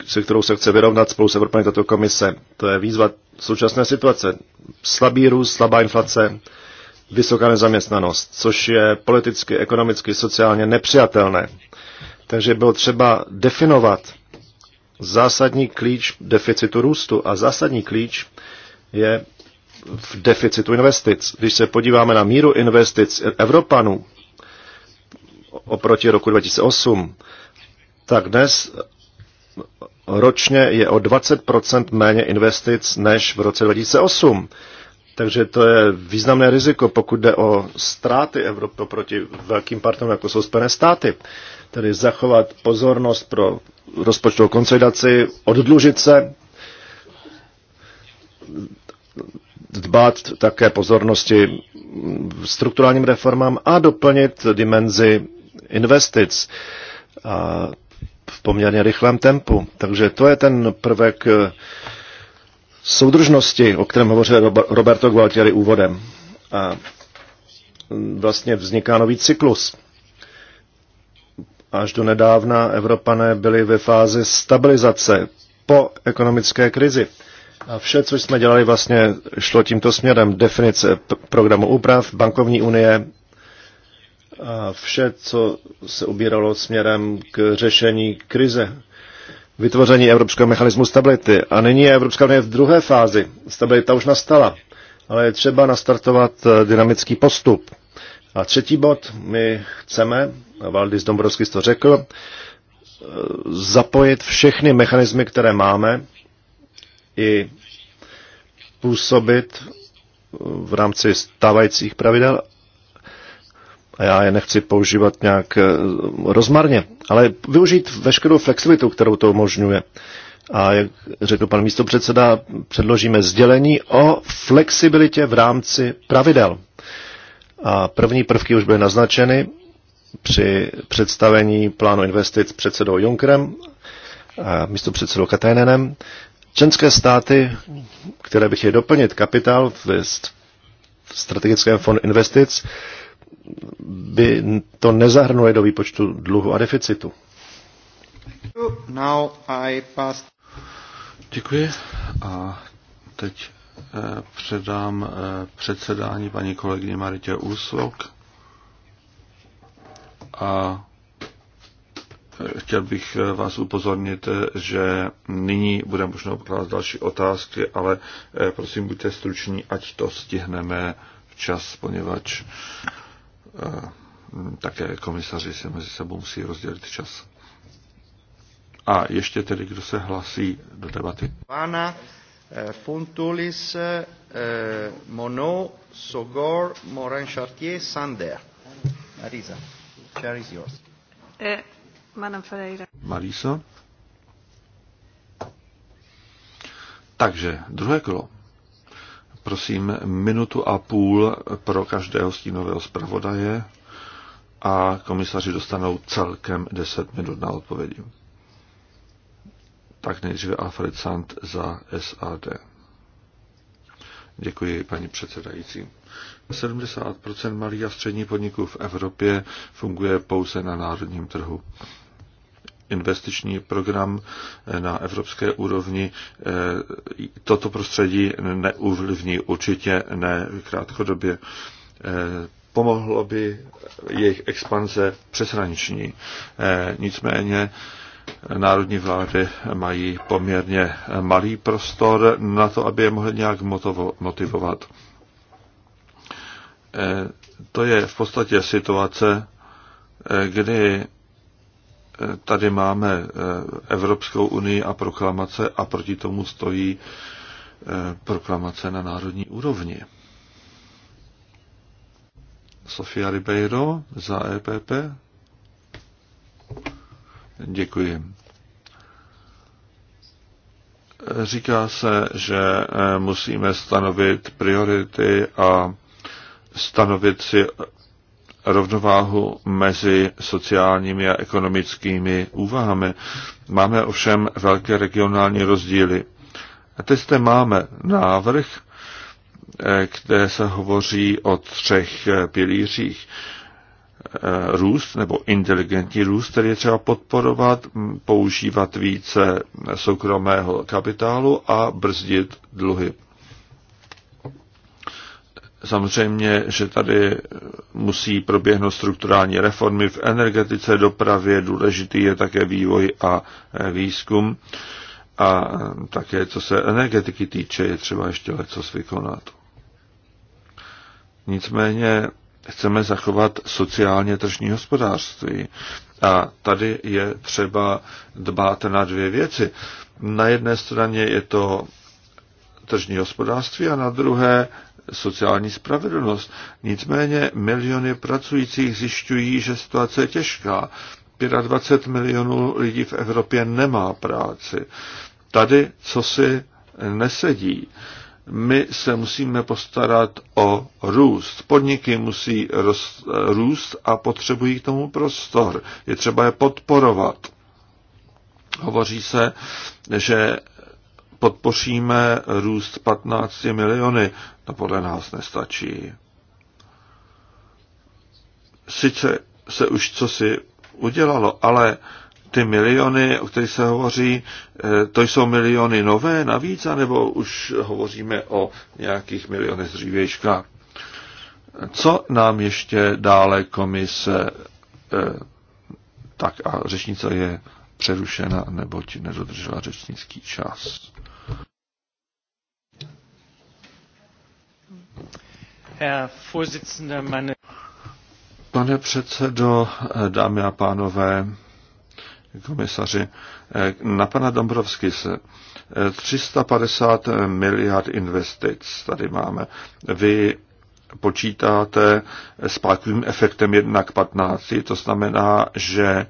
se kterou se chce vyrovnat spolu s Evropané tato komise. To je výzva současné situace. Slabý růst, slabá inflace, vysoká nezaměstnanost, což je politicky, ekonomicky, sociálně nepřijatelné. Takže bylo třeba definovat zásadní klíč deficitu růstu a zásadní klíč je v deficitu investic. Když se podíváme na míru investic Evropanů oproti roku 2008, tak dnes ročně je o 20 méně investic než v roce 2008. Takže to je významné riziko, pokud jde o ztráty Evropy proti velkým partnerům, jako jsou Spojené státy. Tedy zachovat pozornost pro rozpočtovou konsolidaci, oddlužit se, dbát také pozornosti strukturálním reformám a doplnit dimenzi investic a v poměrně rychlém tempu. Takže to je ten prvek soudržnosti, o kterém hovořil Roberto Gualtieri úvodem. A mm, vlastně vzniká nový cyklus. Až do nedávna Evropané byli ve fázi stabilizace po ekonomické krizi. A vše, co jsme dělali, vlastně šlo tímto směrem. Definice programu úprav, bankovní unie, a vše, co se ubíralo směrem k řešení krize vytvoření Evropského mechanismu stability. A nyní je Evropská unie v druhé fázi. Stabilita už nastala, ale je třeba nastartovat eh, dynamický postup. A třetí bod, my chceme, a Valdis Dombrovský to řekl, eh, zapojit všechny mechanismy, které máme, i působit v rámci stávajících pravidel a já je nechci používat nějak eh, rozmarně, ale využít veškerou flexibilitu, kterou to umožňuje. A jak řekl pan místo předseda, předložíme sdělení o flexibilitě v rámci pravidel. A první prvky už byly naznačeny při představení plánu investic předsedou Junkerem a místo předsedou Katajnenem. Členské státy, které by chtěly doplnit kapitál v strategickém fondu investic, by to nezahrnuje do výpočtu dluhu a deficitu. Now I pass... Děkuji a teď eh, předám eh, předsedání paní kolegyně Maritě Úslok a eh, chtěl bych vás upozornit, že nyní bude možná pokládat další otázky, ale prosím buďte struční, ať to stihneme včas, poněvadž Hm, také komisaři se mezi sebou musí rozdělit čas. A ještě tedy, kdo se hlasí do debaty? Pána eh, Funtulis eh, Mono Sogor Moran Chartier Sander. Marisa, chair is yours. Eh, Ferreira. Marisa. Takže druhé kolo prosím minutu a půl pro každého stínového zpravodaje a komisaři dostanou celkem 10 minut na odpovědi. Tak nejdříve Alfred Sand za SAD. Děkuji, paní předsedající. 70 malých a středních podniků v Evropě funguje pouze na národním trhu investiční program eh, na evropské úrovni eh, toto prostředí neuvlivní určitě ne krátkodobě. Eh, pomohlo by jejich expanze přeshraniční. Nicméně národní vlády mají poměrně malý prostor na to, aby je mohly nějak motivovat. To je v podstatě situace, kdy tady máme eh, Evropskou unii a proklamace a proti tomu stojí eh, proklamace na národní úrovni. Sofia Ribeiro za EPP. Děkuji. Říká se, že eh, musíme stanovit priority a stanovit si rovnováhu mezi sociálními a ekonomickými úvahami. Máme ovšem velké regionální rozdíly. A teď zde máme návrh, eh, kde se hovoří o třech eh, pilířích. Eh, růst nebo inteligentní růst, který je třeba podporovat, používat více soukromého kapitálu a brzdit dluhy. Samozřejmě, že tady musí proběhnout strukturální reformy v energetice, dopravě, důležitý je také vývoj a e, výzkum. A e, také, co se energetiky týče, je třeba ještě lecos vykonat. Nicméně chceme zachovat sociálně tržní hospodářství. A tady je třeba dbát na dvě věci. Na jedné straně je to tržní hospodářství a na druhé sociální spravedlnost. Nicméně miliony pracujících zjišťují, že situace je těžká. 25 milionů lidí v Evropě nemá práci. Tady co si nesedí. My se musíme postarat o růst. Podniky musí rost, růst a potřebují k tomu prostor. Je třeba je podporovat. Hovoří se, že podpoříme růst 15 miliony, to podle nás nestačí. Sice se už co si udělalo, ale ty miliony, o kterých se hovoří, eh, to jsou miliony nové navíc, anebo už hovoříme o nějakých milionech dřívějška. Co nám ještě dále komise eh, tak a řečnice je přerušena, neboť nedodržela řečnický čas. Pane předsedo, dámy a pánové, komisaři, na pana Dombrovský se 350 eh, miliard investic tady máme. Vy počítáte s pákovým efektem 1 k 15, to znamená, že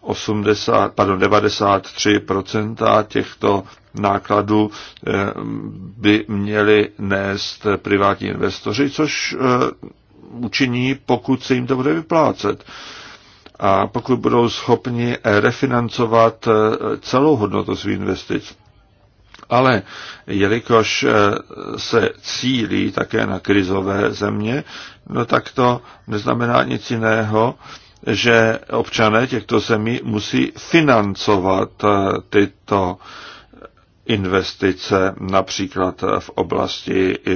80, pardon, 93% těchto nákladu eh, by měli nést privátní investoři, což eh, učiní, pokud se jim to bude vyplácet. A pokud budou schopni refinancovat eh, celou hodnotu svých investic. Ale jelikož se cílí také na krizové země, no tak to neznamená nic jiného, že občané těchto zemí musí financovat tyto investice například v oblasti eh,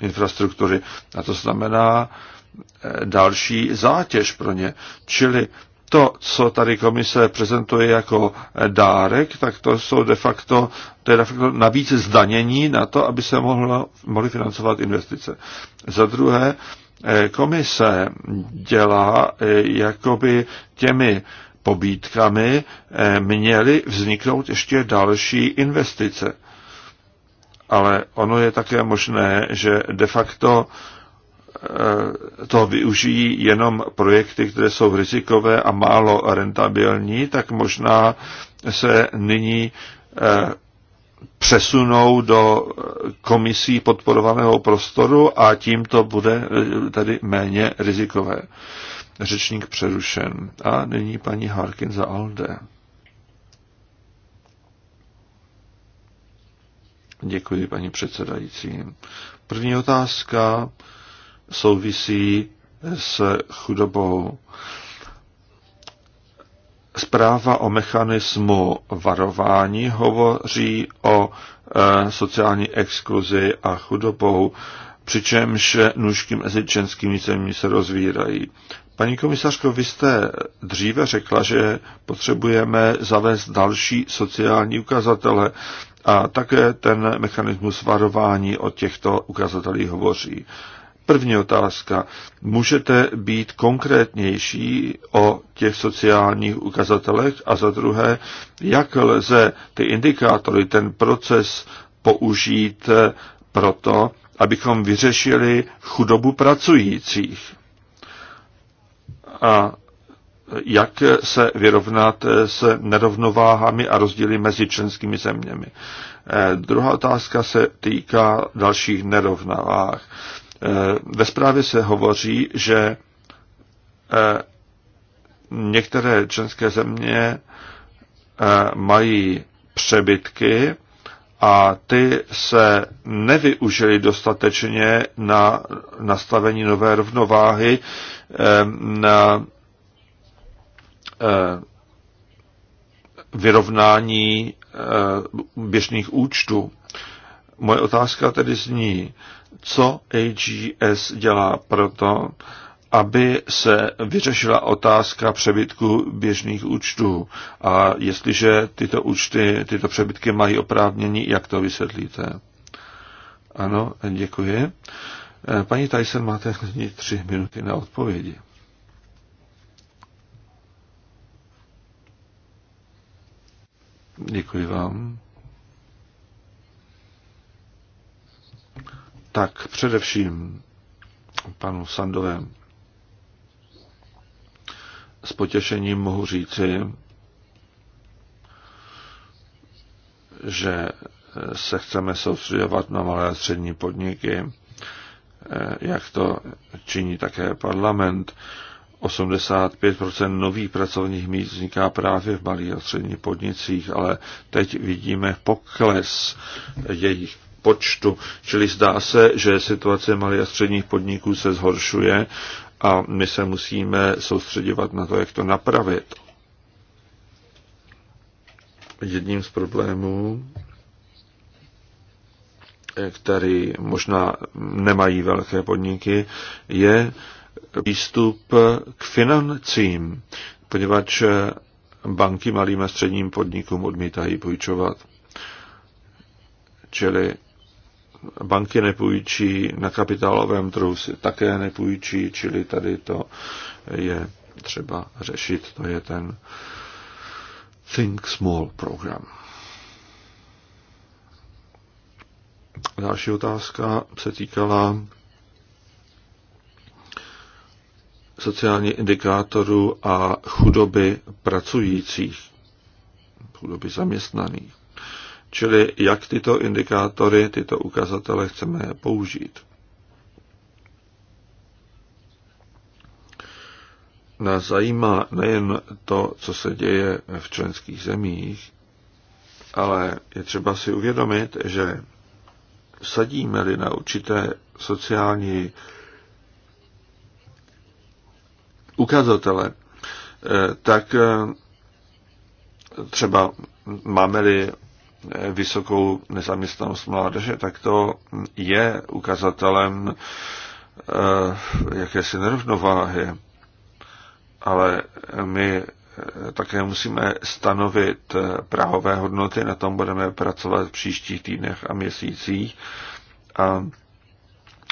infrastruktury. A to znamená eh, další zátěž pro ně. Čili to, co tady komise prezentuje jako eh, dárek, tak to jsou de facto, to je de facto navíc zdanění na to, aby se mohlo, mohly financovat investice. Za druhé, komise dělá jakoby těmi pobítkami eh, měly vzniknout ještě další investice. Ale ono je také možné, že de facto eh, to využijí jenom projekty, které jsou rizikové a málo rentabilní, tak možná se nyní eh, přesunou do komisí podporovaného prostoru a tím to bude tady méně rizikové řečník přerušen. A nyní paní Harkin za Alde. Děkuji, paní předsedající. První otázka souvisí s chudobou. Zpráva o mechanismu varování hovoří o eh, sociální exkluzi a chudobou přičemž nůžky mezi členskými zemí se rozvírají. Paní komisařko, vy jste dříve řekla, že potřebujeme zavést další sociální ukazatele a také ten mechanismus varování o těchto ukazatelích hovoří. První otázka. Můžete být konkrétnější o těch sociálních ukazatelech? A za druhé, jak lze ty indikátory, ten proces použít proto, abychom vyřešili chudobu pracujících a jak se vyrovnat s nerovnováhami a rozdíly mezi členskými zeměmi. Eh, druhá otázka se týká dalších nerovnovách. Eh, ve zprávě se hovoří, že eh, některé členské země mají přebytky a ty se nevyužily dostatečně na nastavení nové rovnováhy, eh, na eh, vyrovnání eh, běžných účtů. Moje otázka tedy zní, co AGS dělá proto, aby se vyřešila otázka přebytku běžných účtů. A jestliže tyto účty, tyto přebytky mají oprávnění, jak to vysvětlíte? Ano, děkuji. Eh, paní Tyson, máte tři minuty na odpovědi. Děkuji vám. Tak především panu Sandovému potěšením mohu říci, že se chceme soustředovat na malé a střední podniky, jak to činí také parlament. 85% nových pracovních míst vzniká právě v malých a středních podnicích, ale teď vidíme pokles jejich počtu. Čili zdá se, že situace malých a středních podniků se zhoršuje a my se musíme soustředovat na to, jak to napravit. Jedním z problémů, který možná nemají velké podniky, je přístup k financím, poněvadž banky malým a středním podnikům odmítají půjčovat. Čili banky nepůjčí, na kapitálovém trhu si také nepůjčí, čili tady to je třeba řešit, to je ten Think Small program. Další otázka se týkala sociální indikátorů a chudoby pracujících, chudoby zaměstnaných čili jak tyto indikátory, tyto ukazatele chceme použít. Nás zajímá nejen to, co se děje v členských zemích, ale je třeba si uvědomit, že sadíme-li na určité sociální ukazatele, eh, tak eh, třeba máme-li vysokou nezaměstnanost mládeže, tak to je ukazatelem eh, jakési nerovnováhy. Ale my eh, také musíme stanovit eh, práhové hodnoty, na tom budeme pracovat v příštích týdnech a měsících a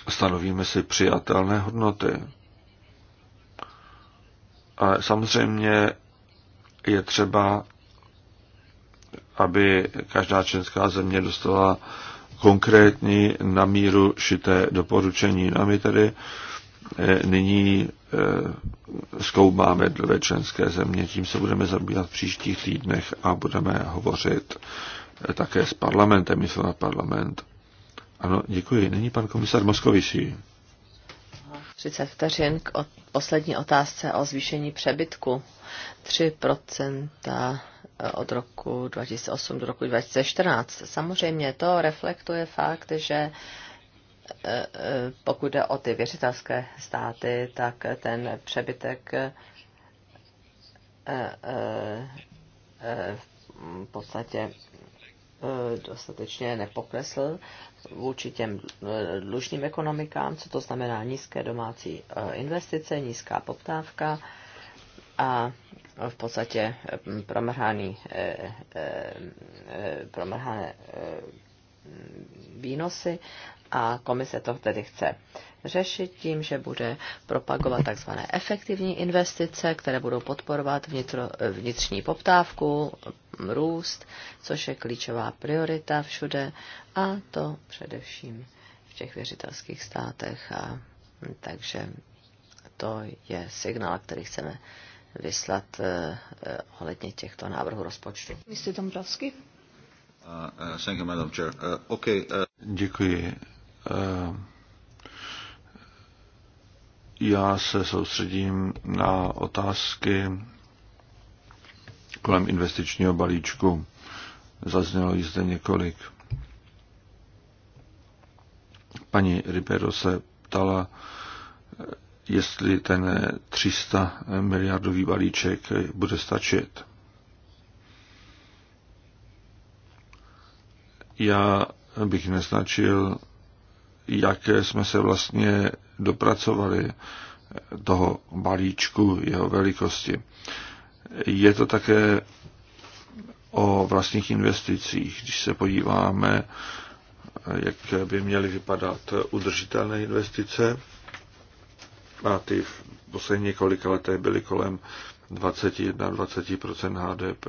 stanovíme si přijatelné hodnoty. Ale samozřejmě je třeba aby každá členská země dostala konkrétní na míru šité doporučení. No a my tedy eh, nyní eh, zkoumáme dvě členské země, tím se budeme zabývat v příštích týdnech a budeme hovořit eh, také s parlamentem, myslím na parlament. Ano, děkuji. Není pan komisar Moskovičí. 30 vteřin k poslední otázce o zvýšení přebytku. 3% od roku 2008 do roku 2014. Samozřejmě to reflektuje fakt, že e, e, pokud jde o ty věřitelské státy, tak ten přebytek e, v podstatě dostatečně nepoklesl vůči těm dlužním ekonomikám, co to znamená nízké domácí investice, nízká poptávka a v podstatě mm, promrhaný, eh, eh, eh, promrhané výnosy a komise to tedy chce řešit tím, že bude propagovat tzv. efektivní investice, které budou podporovat vnitro, vnitřní poptávku, růst, což je klíčová priorita všude a to především v těch věřitelských státech. A, takže to je signál, který chceme vyslat eh, eh, ohledně těchto návrhů rozpočtu. Mr. Dombrovsky. Uh, uh, thank you, Madam Chair. Uh, okay, uh... Děkuji. Uh, já se soustředím na otázky kolem investičního balíčku. Zaznělo jí zde několik. Paní Ribeiro se ptala, jestli ten 300 miliardový balíček bude stačit. Já bych neznačil, jak jsme se vlastně dopracovali toho balíčku, jeho velikosti. Je to také o vlastních investicích. Když se podíváme, jak by měly vypadat udržitelné investice, a ty v posledních několika letech byly kolem 21-20 HDP.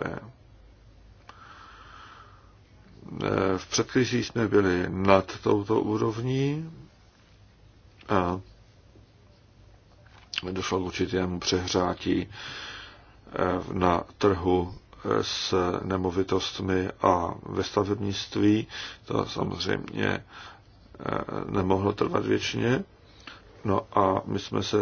Eh, v předkrizí jsme byli nad touto úrovní a došlo k určitému přehrátí eh, na trhu eh, s nemovitostmi a ve stavebnictví. To samozřejmě nemohlo trvat věčně. No a my jsme se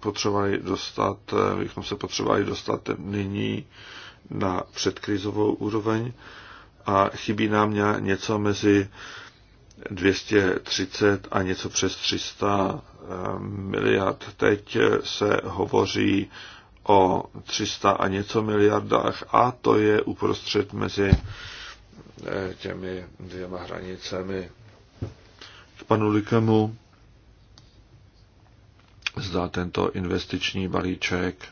potřebovali dostat, bychom eh, se potřebovali dostat nyní na předkrizovou úroveň a chybí nám něco mezi 230 a něco přes 300 eh, miliard. Teď eh, se hovoří o 300 a něco miliardách a to je uprostřed mezi těmi dvěma hranicemi k panu Likemu, zda tento investiční balíček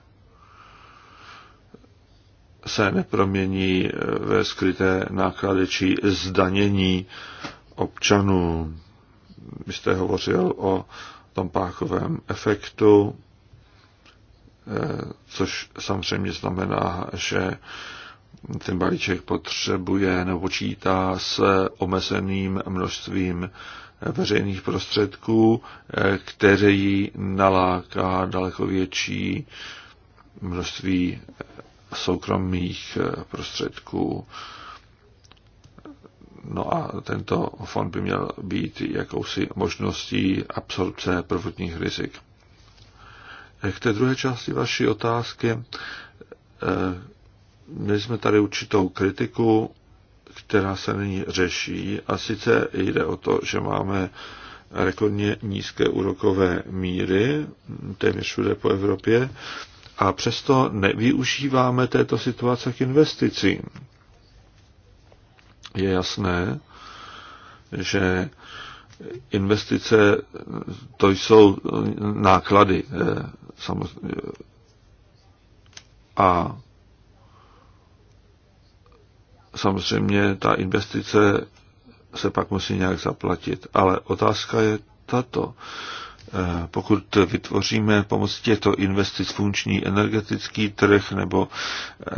se nepromění eh, ve skryté náklady či zdanění občanů. Vy jste hovořil o tom pákovém efektu, eh, což samozřejmě znamená, že ten balíček potřebuje nebo počítá s omezeným množstvím veřejných prostředků, který naláká daleko větší množství soukromých prostředků. No a tento fond by měl být jakousi možností absorpce prvotních rizik. K té druhé části vaší otázky, měli jsme tady určitou kritiku která se nyní řeší. A sice jde o to, že máme rekordně nízké úrokové míry téměř všude po Evropě a přesto nevyužíváme této situace k investicím. Je jasné, že investice to jsou náklady eh, a samozřejmě ta investice se pak musí nějak zaplatit. Ale otázka je tato. Eh, pokud vytvoříme pomocí těchto investic funkční energetický trh nebo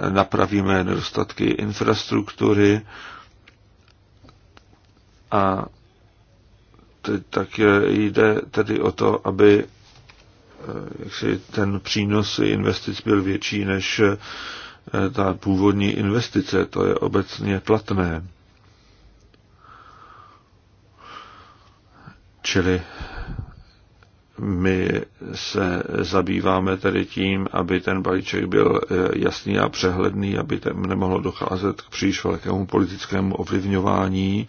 eh, napravíme nedostatky infrastruktury a tak eh, jde tedy o to, aby jaksi ten přínos investic byl větší než Eh, ta původní investice, to je obecně platné. Čili my se zabýváme tedy tím, aby ten balíček byl eh, jasný a přehledný, aby tam nemohlo docházet k příliš velkému politickému ovlivňování.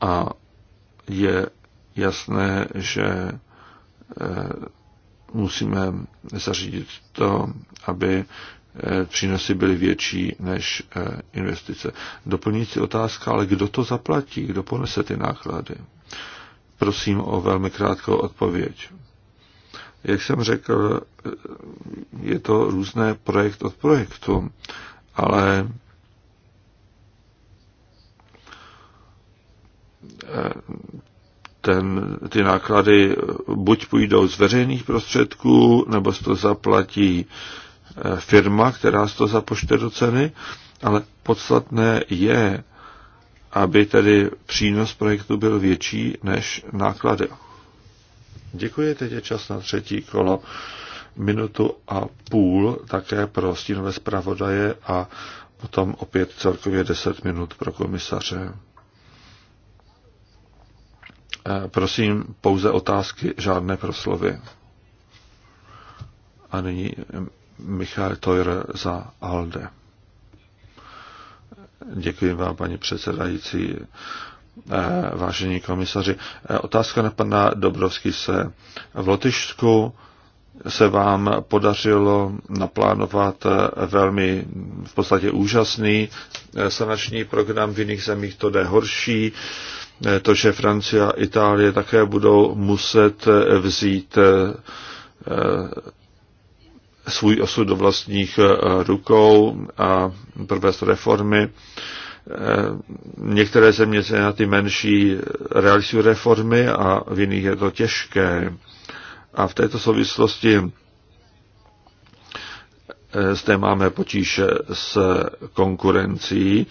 A je jasné, že eh, musíme zařídit to, aby eh, přínosy byly větší než eh, investice. Doplňující otázka, ale kdo to zaplatí, kdo ponese ty náklady? Prosím o velmi krátkou odpověď. Jak jsem řekl, eh, je to různé projekt od projektu, ale ten, ty náklady eh, buď půjdou z veřejných prostředků, nebo se to zaplatí eh, firma, která se to započte do ceny, ale podstatné je, aby tedy přínos projektu byl větší než náklady. Děkuji, teď je čas na třetí kolo. Minutu a půl také pro stínové zpravodaje a potom opět celkově 10 minut pro komisaře. Prosím, pouze otázky, žádné proslovy. A nyní Michal Tojr za ALDE. Děkuji vám, paní předsedající. Eh, vážení komisaři, eh, otázka na pana Dobrovský se. V Lotyšsku se vám podařilo naplánovat eh, velmi v podstatě úžasný sanační program, v jiných zemích to jde horší. Eh, to, že Francie a Itálie také budou muset eh, vzít eh, svůj osud do vlastních rukou a provést reformy. Některé země se na ty menší realizují reformy a v jiných je to těžké. A v této souvislosti zde máme potíže s konkurencí,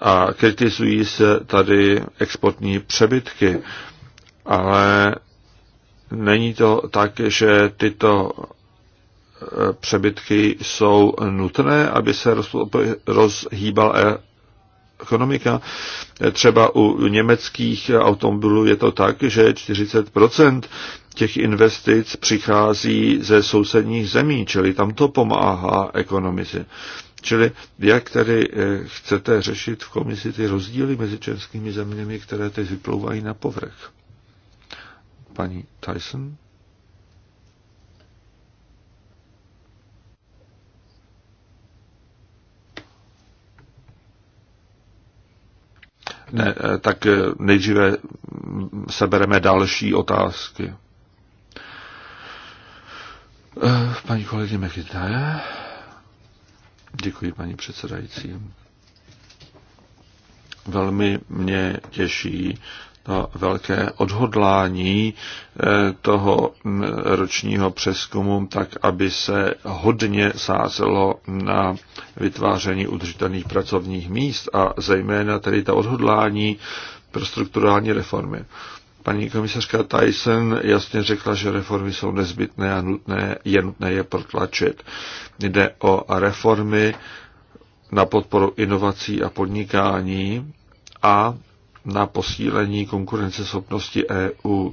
a kritizují se tady exportní přebytky, ale není to tak, že tyto e, přebytky jsou nutné, aby se rozhýbala e-, ekonomika. E, třeba u německých automobilů je to tak, že 40 těch investic přichází ze sousedních zemí, čili tam to pomáhá ekonomici. Čili jak tedy eh, chcete řešit v komisi ty rozdíly mezi českými zeměmi, které teď vyplouvají na povrch? Paní Tyson? Ne, eh, tak eh, nejdříve sebereme další otázky. Paní kolegyně McIntyre. Děkuji, paní předsedající. Velmi mě těší to velké odhodlání eh, toho mm, ročního přeskumu, tak aby se hodně sázelo na vytváření udržitelných pracovních míst a zejména tedy to odhodlání pro strukturální reformy. Paní komisařka Tyson jasně řekla, že reformy jsou nezbytné a nutné, je nutné je protlačit. Jde o reformy na podporu inovací a podnikání a na posílení konkurenceschopnosti EU.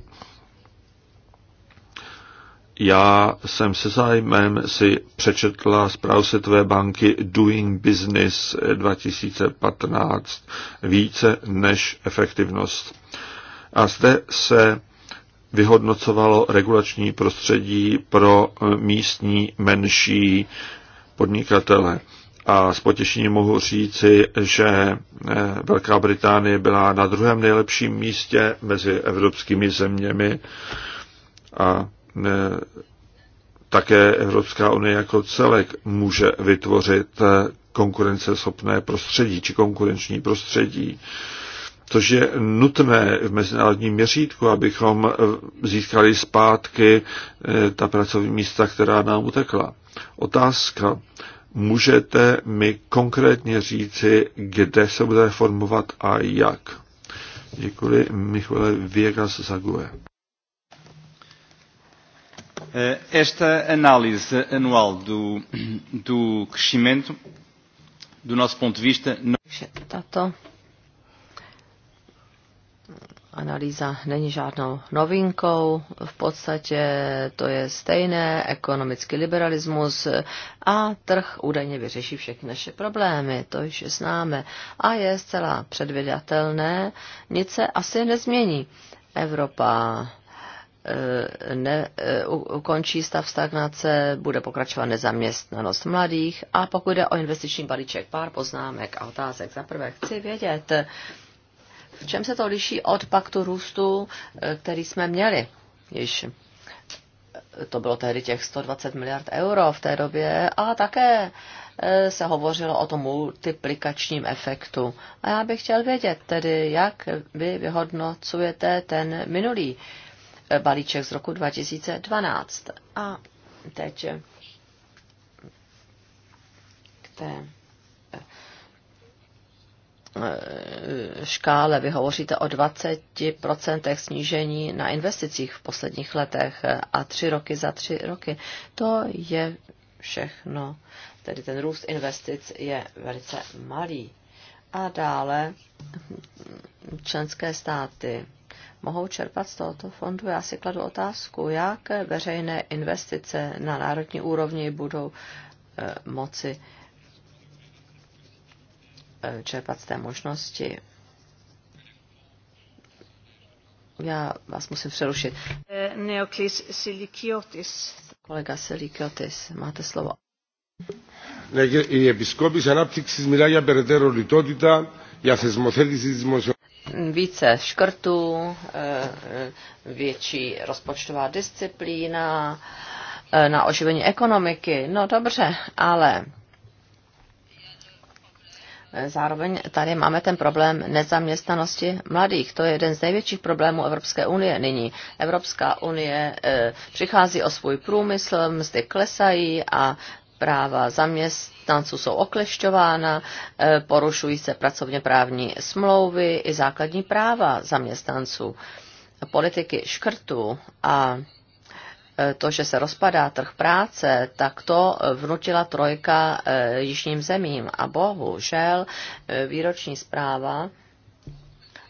Já jsem se zájmem si přečetla zprávu Světové banky Doing Business 2015 více než efektivnost. A zde se vyhodnocovalo regulační prostředí pro eh, místní menší podnikatele. A s potěšením mohu říci, že eh, Velká Británie byla na druhém nejlepším místě mezi evropskými zeměmi a eh, také Evropská unie jako celek může vytvořit konkurenceschopné prostředí či konkurenční prostředí což je nutné v mezinárodním měřítku, abychom eh, získali zpátky eh, ta pracovní místa, která nám utekla. Otázka, můžete mi konkrétně říci, kde se bude formovat a jak? Děkuji, Michale Viegas Zague. Eh, esta análise anual do, do crescimento, do nosso ponto de vista... Tato analýza není žádnou novinkou, v podstatě to je stejné, ekonomický liberalismus a trh údajně vyřeší všechny naše problémy, to již známe a je zcela předvědatelné, nic se asi nezmění. Evropa eh, ne, eh, ukončí stav stagnace, bude pokračovat nezaměstnanost mladých a pokud jde o investiční balíček, pár poznámek a otázek. Za prvé chci vědět, v čem se to liší od paktu růstu, eh, který jsme měli již? Eh, to bylo tehdy těch 120 miliard euro v té době a také eh, se hovořilo o tom multiplikačním efektu. A já bych chtěl vědět tedy, jak vy vyhodnocujete ten minulý balíček z roku 2012. A teď k té Eh, škále. Vy hovoříte o 20% snížení na investicích v posledních letech a tři roky za tři roky. To je všechno. Tedy ten růst investic je velice malý. A dále členské státy mohou čerpat z tohoto fondu. Já si kladu otázku, jak veřejné investice na národní úrovni budou eh, moci čerpat z té možnosti. Já vás musím přerušit. Neoklis Silikiotis. Kolega Silikiotis, máte slovo. Η Επισκόπηση Ανάπτυξης μιλά για περαιτέρω λιτότητα, για θεσμοθέτηση της δημοσιονομικής více škrtů, eh, větší rozpočtová disciplína, eh, na oživení ekonomiky. No dobře, ale Zároveň tady máme ten problém nezaměstnanosti mladých. To je jeden z největších problémů Evropské unie nyní. Evropská unie eh, přichází o svůj průmysl, mzdy klesají a práva zaměstnanců jsou oklešťována, eh, porušují se pracovně právní smlouvy i základní práva zaměstnanců. Politiky škrtu a Eh, to, že se rozpadá trh práce, tak to vnutila trojka eh, jižním zemím. A bohužel eh, výroční zpráva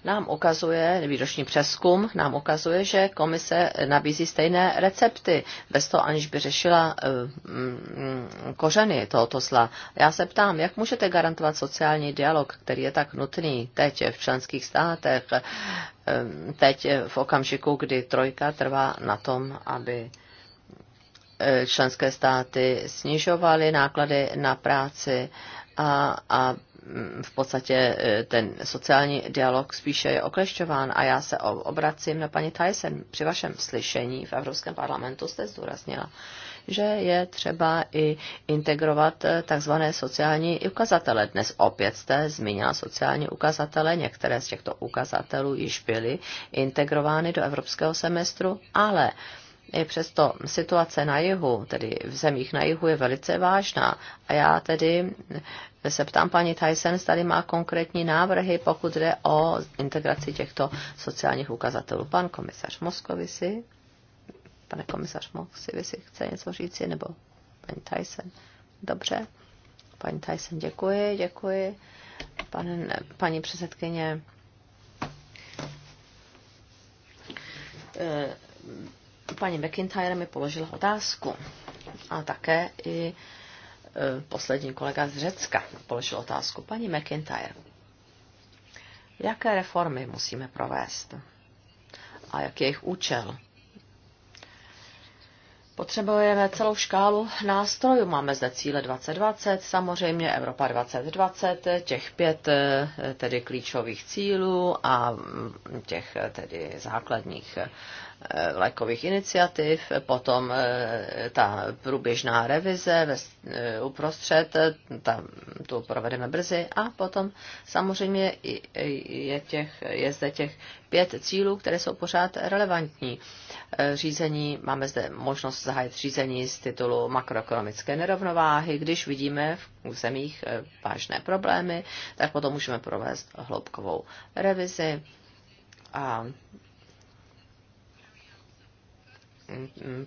nám ukazuje, výroční přeskum nám ukazuje, že komise nabízí stejné recepty, bez toho aniž by řešila eh, mm, mm, kořeny tohoto zla. Já se ptám, jak můžete garantovat sociální dialog, který je tak nutný teď v členských státech, eh, teď v okamžiku, kdy trojka trvá na tom, aby eh, členské státy snižovaly náklady na práci a, a v podstatě e, ten sociální dialog spíše je oklešťován a já se obracím na paní Tyson. Při vašem slyšení v Evropském parlamentu jste zdůraznila, že je třeba i integrovat e, takzvané sociální ukazatele. Dnes opět jste zmínila sociální ukazatele, některé z těchto ukazatelů již byly integrovány do evropského semestru, ale i přesto situace na jihu, tedy v zemích na jihu, je velice vážná. A já tedy se ptám paní Tyson, tady má konkrétní návrhy, pokud jde o integraci těchto sociálních ukazatelů. Pan komisař Moskovisi, pane komisař Moskovisi, chce něco říci, nebo paní Tyson? Dobře. Paní Tyson, děkuji, děkuji. Pane, paní předsedkyně, eh, paní McIntyre mi položila otázku a také i e, poslední kolega z Řecka položil otázku. Paní McIntyre, jaké reformy musíme provést a jaký je jejich účel? Potřebujeme celou škálu nástrojů. Máme zde cíle 2020, samozřejmě Evropa 2020, těch pět e, tedy klíčových cílů a těch e, tedy základních Eh, lékových iniciativ, potom eh, ta průběžná revize eh, uprostřed, ta, tu provedeme brzy a potom samozřejmě je, těch, je zde těch pět cílů, které jsou pořád relevantní. Řízení, máme zde možnost zahájit řízení z titulu makroekonomické nerovnováhy, když vidíme v zemích vážné problémy, tak potom můžeme provést hloubkovou revizi a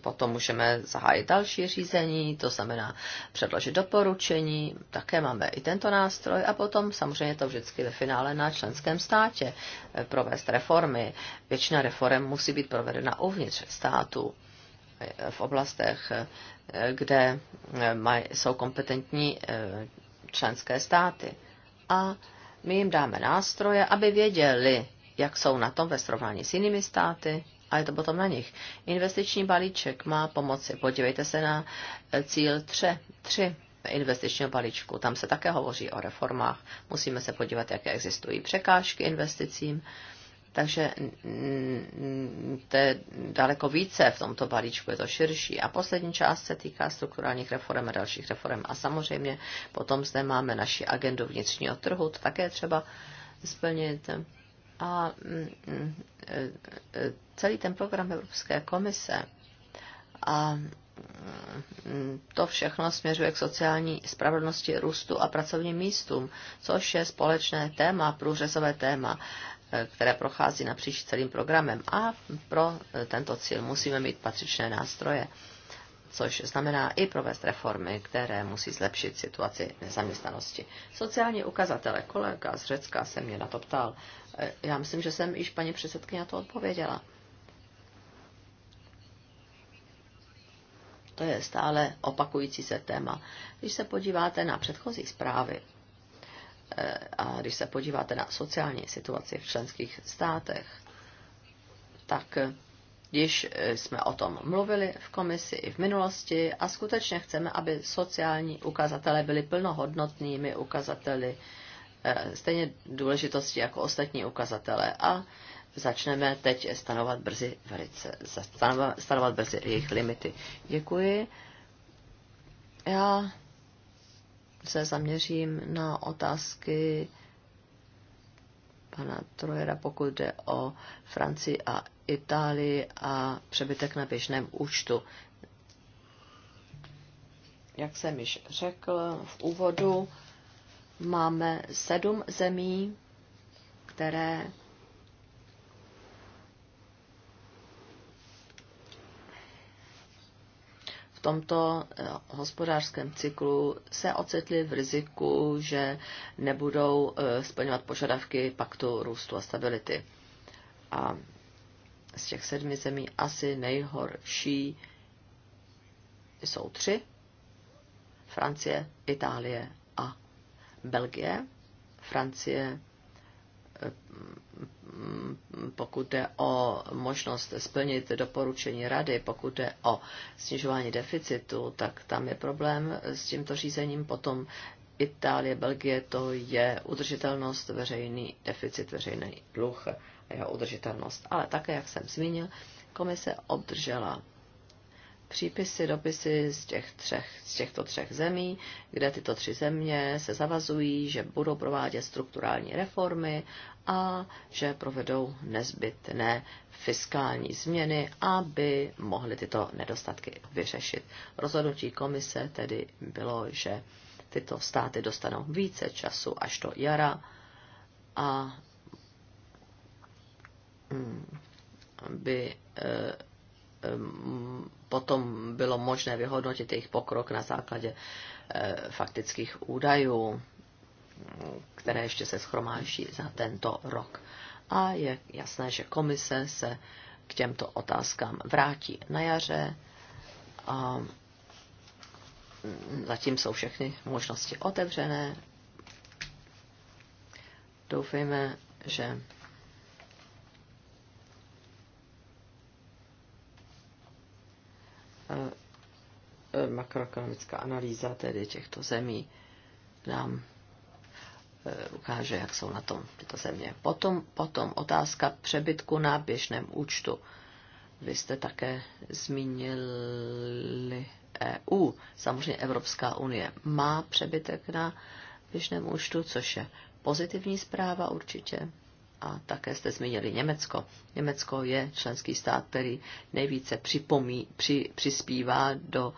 potom můžeme zahájit další řízení, to znamená předložit doporučení, také máme i tento nástroj a potom samozřejmě to vždycky ve finále na členském státě eh, provést reformy. Většina reform musí být provedena uvnitř státu eh, v oblastech, eh, kde jsou kompetentní členské státy. A my jim dáme nástroje, aby věděli, jak jsou na tom ve srovnání s jinými státy, a je to potom na nich. Investiční balíček má pomoci. Podívejte se na eh, cíl 3, 3 investičního balíčku. Tam se také hovoří o reformách. Musíme se podívat, jaké existují překážky investicím. Takže to je daleko více v tomto balíčku, je to širší. A poslední část se týká strukturálních reform a dalších reform. A samozřejmě potom zde máme naši agendu vnitřního trhu, to také třeba splnit. A mm, mm, celý ten program Evropské komise a mm, to všechno směřuje k sociální spravedlnosti, růstu a pracovním místům, což je společné téma, průřezové téma, eh, které prochází napříč celým programem. A pro eh, tento cíl musíme mít patřičné nástroje, což znamená i provést reformy, které musí zlepšit situaci nezaměstnanosti. Sociální ukazatele. Kolega z Řecka se mě na to ptal. Já myslím, že jsem již paní předsedkyně to odpověděla. To je stále opakující se téma. Když se podíváte na předchozí zprávy eh, a když se podíváte na sociální situaci v členských státech, tak když eh, eh, jsme o tom mluvili v komisi i v minulosti a skutečně chceme, aby sociální ukazatele byly plnohodnotnými ukazateli Eh, stejně důležitosti jako ostatní ukazatele a začneme teď stanovat brzy, velice, stanovat, stanovat brzy jejich limity. Děkuji. Já se zaměřím na otázky pana Trojera, pokud jde o Francii a Itálii a přebytek na běžném účtu. Jak jsem již řekl v úvodu, máme sedm zemí, které v tomto eh, hospodářském cyklu se ocitly v riziku, že nebudou eh, splňovat požadavky paktu růstu a stability. A z těch sedmi zemí asi nejhorší jsou tři. Francie, Itálie Belgie, Francie, pokud jde o možnost splnit doporučení rady, pokud jde o snižování deficitu, tak tam je problém s tímto řízením. Potom Itálie, Belgie, to je udržitelnost, veřejný deficit, veřejný dluh a jeho udržitelnost. Ale také, jak jsem zmínil, komise obdržela přípisy, dopisy z, těch třech, z těchto třech zemí, kde tyto tři země se zavazují, že budou provádět strukturální reformy a že provedou nezbytné fiskální změny, aby mohly tyto nedostatky vyřešit. Rozhodnutí komise tedy bylo, že tyto státy dostanou více času až do jara a mm, by eh, potom bylo možné vyhodnotit jejich pokrok na základě eh, faktických údajů, které ještě se schromáždí za tento rok. A je jasné, že komise se k těmto otázkám vrátí na jaře. A zatím jsou všechny možnosti otevřené. Doufejme, že E, makroekonomická analýza tedy těchto zemí nám e, ukáže, jak jsou na tom tyto země. Potom, potom otázka přebytku na běžném účtu. Vy jste také zmínili EU. Samozřejmě Evropská unie má přebytek na běžném účtu, což je pozitivní zpráva určitě a také jste zmínili Německo. Německo je členský stát, který nejvíce připomí, při, přispívá do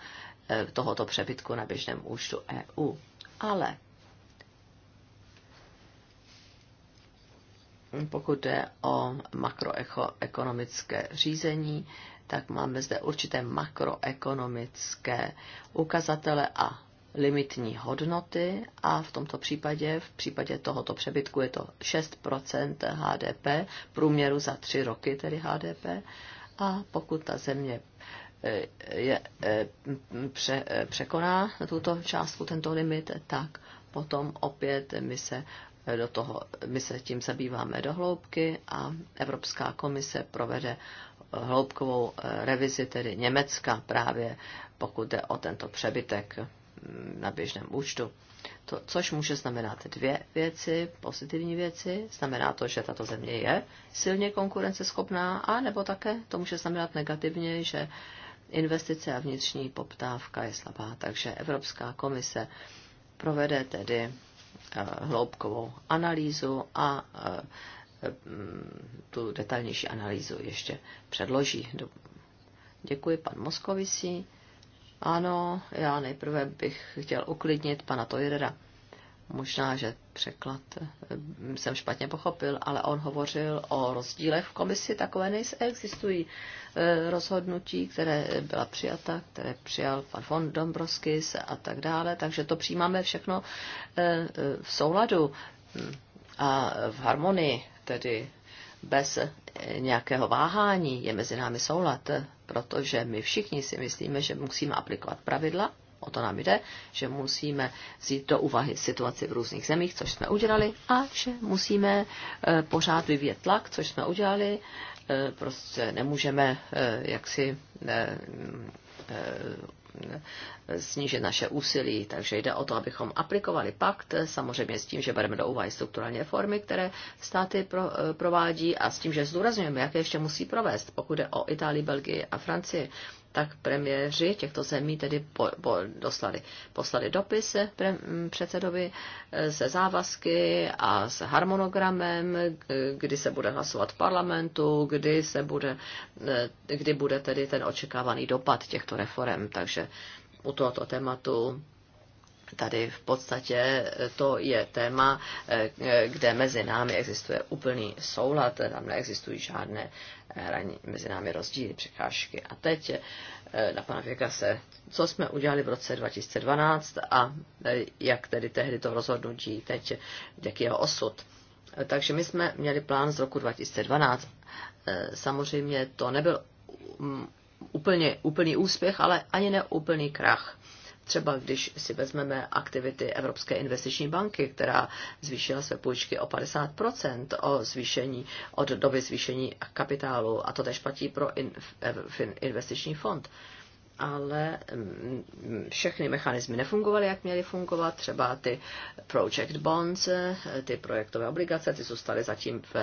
e, tohoto přebytku na běžném účtu EU. Ale pokud jde o makroekonomické řízení, tak máme zde určité makroekonomické ukazatele a limitní hodnoty a v tomto případě, v případě tohoto přebytku je to 6 HDP, průměru za tři roky tedy HDP. A pokud ta země eh, je, eh, pře, eh, překoná tuto částku, tento limit, tak potom opět my se do toho, my se tím zabýváme do hloubky a Evropská komise provede hloubkovou revizi, tedy Německa právě, pokud jde o tento přebytek na běžném účtu. To, což může znamenat dvě věci, pozitivní věci. Znamená to, že tato země je silně konkurenceschopná, a nebo také to může znamenat negativně, že investice a vnitřní poptávka je slabá. Takže Evropská komise provede tedy eh, hloubkovou analýzu a eh, mm, tu detailnější analýzu ještě předloží. Děkuji pan Moskovici. Ano, já nejprve bych chtěl uklidnit pana Tojera. Možná, že překlad eh, jsem špatně pochopil, ale on hovořil o rozdílech v komisi, takové neexistují eh, rozhodnutí, které byla přijata, které přijal pan von Dombrovskis a tak dále, takže to přijímáme všechno eh, v souladu hm, a v harmonii, tedy bez nějakého váhání, je mezi námi soulad, protože my všichni si myslíme, že musíme aplikovat pravidla, o to nám jde, že musíme vzít do úvahy situaci v různých zemích, což jsme udělali, a že musíme eh, pořád vyvíjet tlak, což jsme udělali. Eh, prostě nemůžeme eh, jaksi snížit naše úsilí. Takže jde o to, abychom aplikovali pakt, samozřejmě s tím, že bereme do úvahy strukturální reformy, které státy pro, eh, provádí a s tím, že zdůrazňujeme, jaké ještě musí provést, pokud jde o Itálii, Belgii a Francii tak premiéři těchto zemí tedy po, po, doslali, poslali dopis pre, mm, předsedovi eh, se závazky a s harmonogramem, kdy se bude hlasovat v parlamentu, kdy, se bude, eh, kdy bude tedy ten očekávaný dopad těchto reform. Takže u tohoto tématu tady v podstatě to je téma, eh, kde mezi námi existuje úplný soulad, tam neexistují žádné hraní, mezi námi rozdíly, překážky. A teď eh, na pana se, co jsme udělali v roce 2012 a eh, jak tedy tehdy to rozhodnutí, teď jaký je osud. Takže my jsme měli plán z roku 2012. Samozřejmě to nebyl mm, úplně, úplný úspěch, ale ani neúplný krach Třeba když si vezmeme aktivity Evropské investiční banky, která zvýšila své půjčky o 50%, o zvýšení, od doby zvýšení kapitálu, a to tež platí pro in, investiční fond ale mm, všechny mechanismy nefungovaly, jak měly fungovat. Třeba ty project bonds, ty projektové obligace, ty zůstaly zatím v,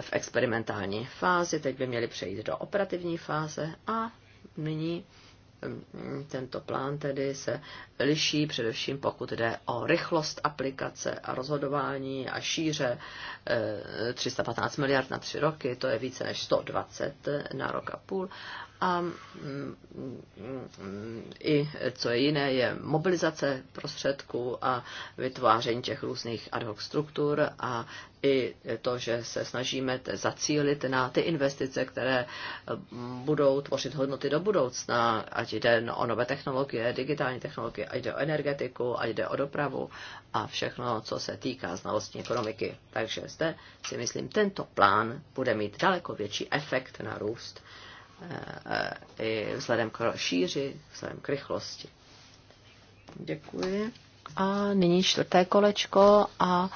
v experimentální fázi, teď by měly přejít do operativní fáze a nyní tento plán tedy se liší především pokud jde o rychlost aplikace a rozhodování a šíře 315 eh, miliard na tři roky, to je více než 120 na rok a půl. A mm, mm, i co je jiné, je mobilizace prostředků a vytváření těch různých ad hoc struktur a i to, že se snažíme zacílit na ty investice, které eh, budou tvořit hodnoty do budoucna, ať jde o nové technologie, digitální technologie, ať jde o energetiku, ať jde o dopravu a všechno, co se týká znalostní ekonomiky. Takže zde si myslím, tento plán bude mít daleko větší efekt na růst Eh, i vzhledem k šíři, vzhledem k rychlosti. Děkuji. A nyní čtvrté kolečko a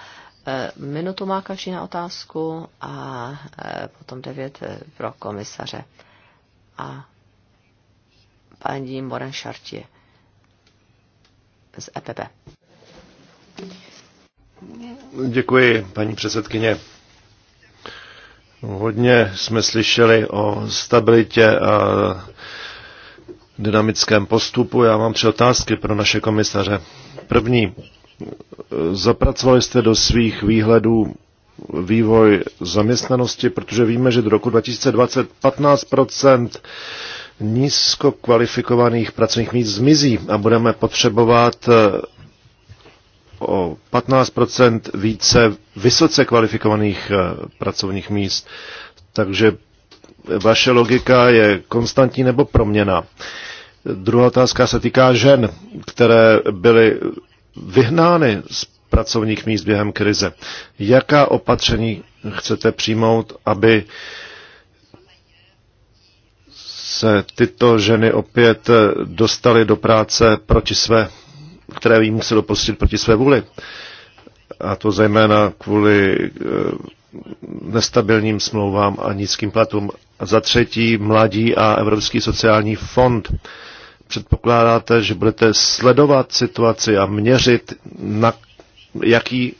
eh, minutu má každý na otázku a eh, potom devět pro komisaře. A paní Moren Šartě z EPP. Děkuji, paní předsedkyně. Hodně jsme slyšeli o stabilitě a dynamickém postupu. Já mám tři otázky pro naše komisaře. První, zapracovali jste do svých výhledů vývoj zaměstnanosti, protože víme, že do roku 2020 15 nízko kvalifikovaných pracovních míst zmizí a budeme potřebovat o 15 více vysoce kvalifikovaných eh, pracovních míst. Takže vaše logika je konstantní nebo proměna. Druhá otázka se týká žen, které byly vyhnány z pracovních míst během krize. Jaká opatření chcete přijmout, aby se tyto ženy opět eh, dostaly do práce proti své které jí muselo dopustit proti své vůli. A to zejména kvůli eh, nestabilním smlouvám a nízkým platům. A za třetí, Mladí a Evropský sociální fond. Předpokládáte, že budete sledovat situaci a měřit, na jaký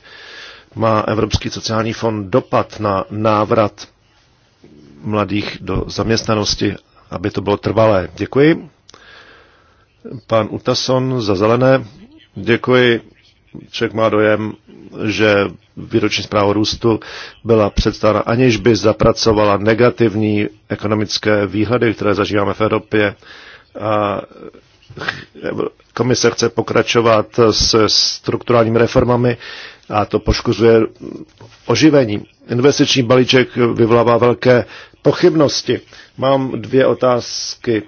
má Evropský sociální fond dopad na návrat mladých do zaměstnanosti, aby to bylo trvalé. Děkuji. Pan Utason za zelené. Děkuji. Člověk má dojem, že výroční zpráva růstu byla představena, aniž by zapracovala negativní ekonomické výhledy, které zažíváme v Evropě. A komise chce pokračovat s strukturálními reformami a to poškozuje oživení. Investiční balíček vyvolává velké pochybnosti. Mám dvě otázky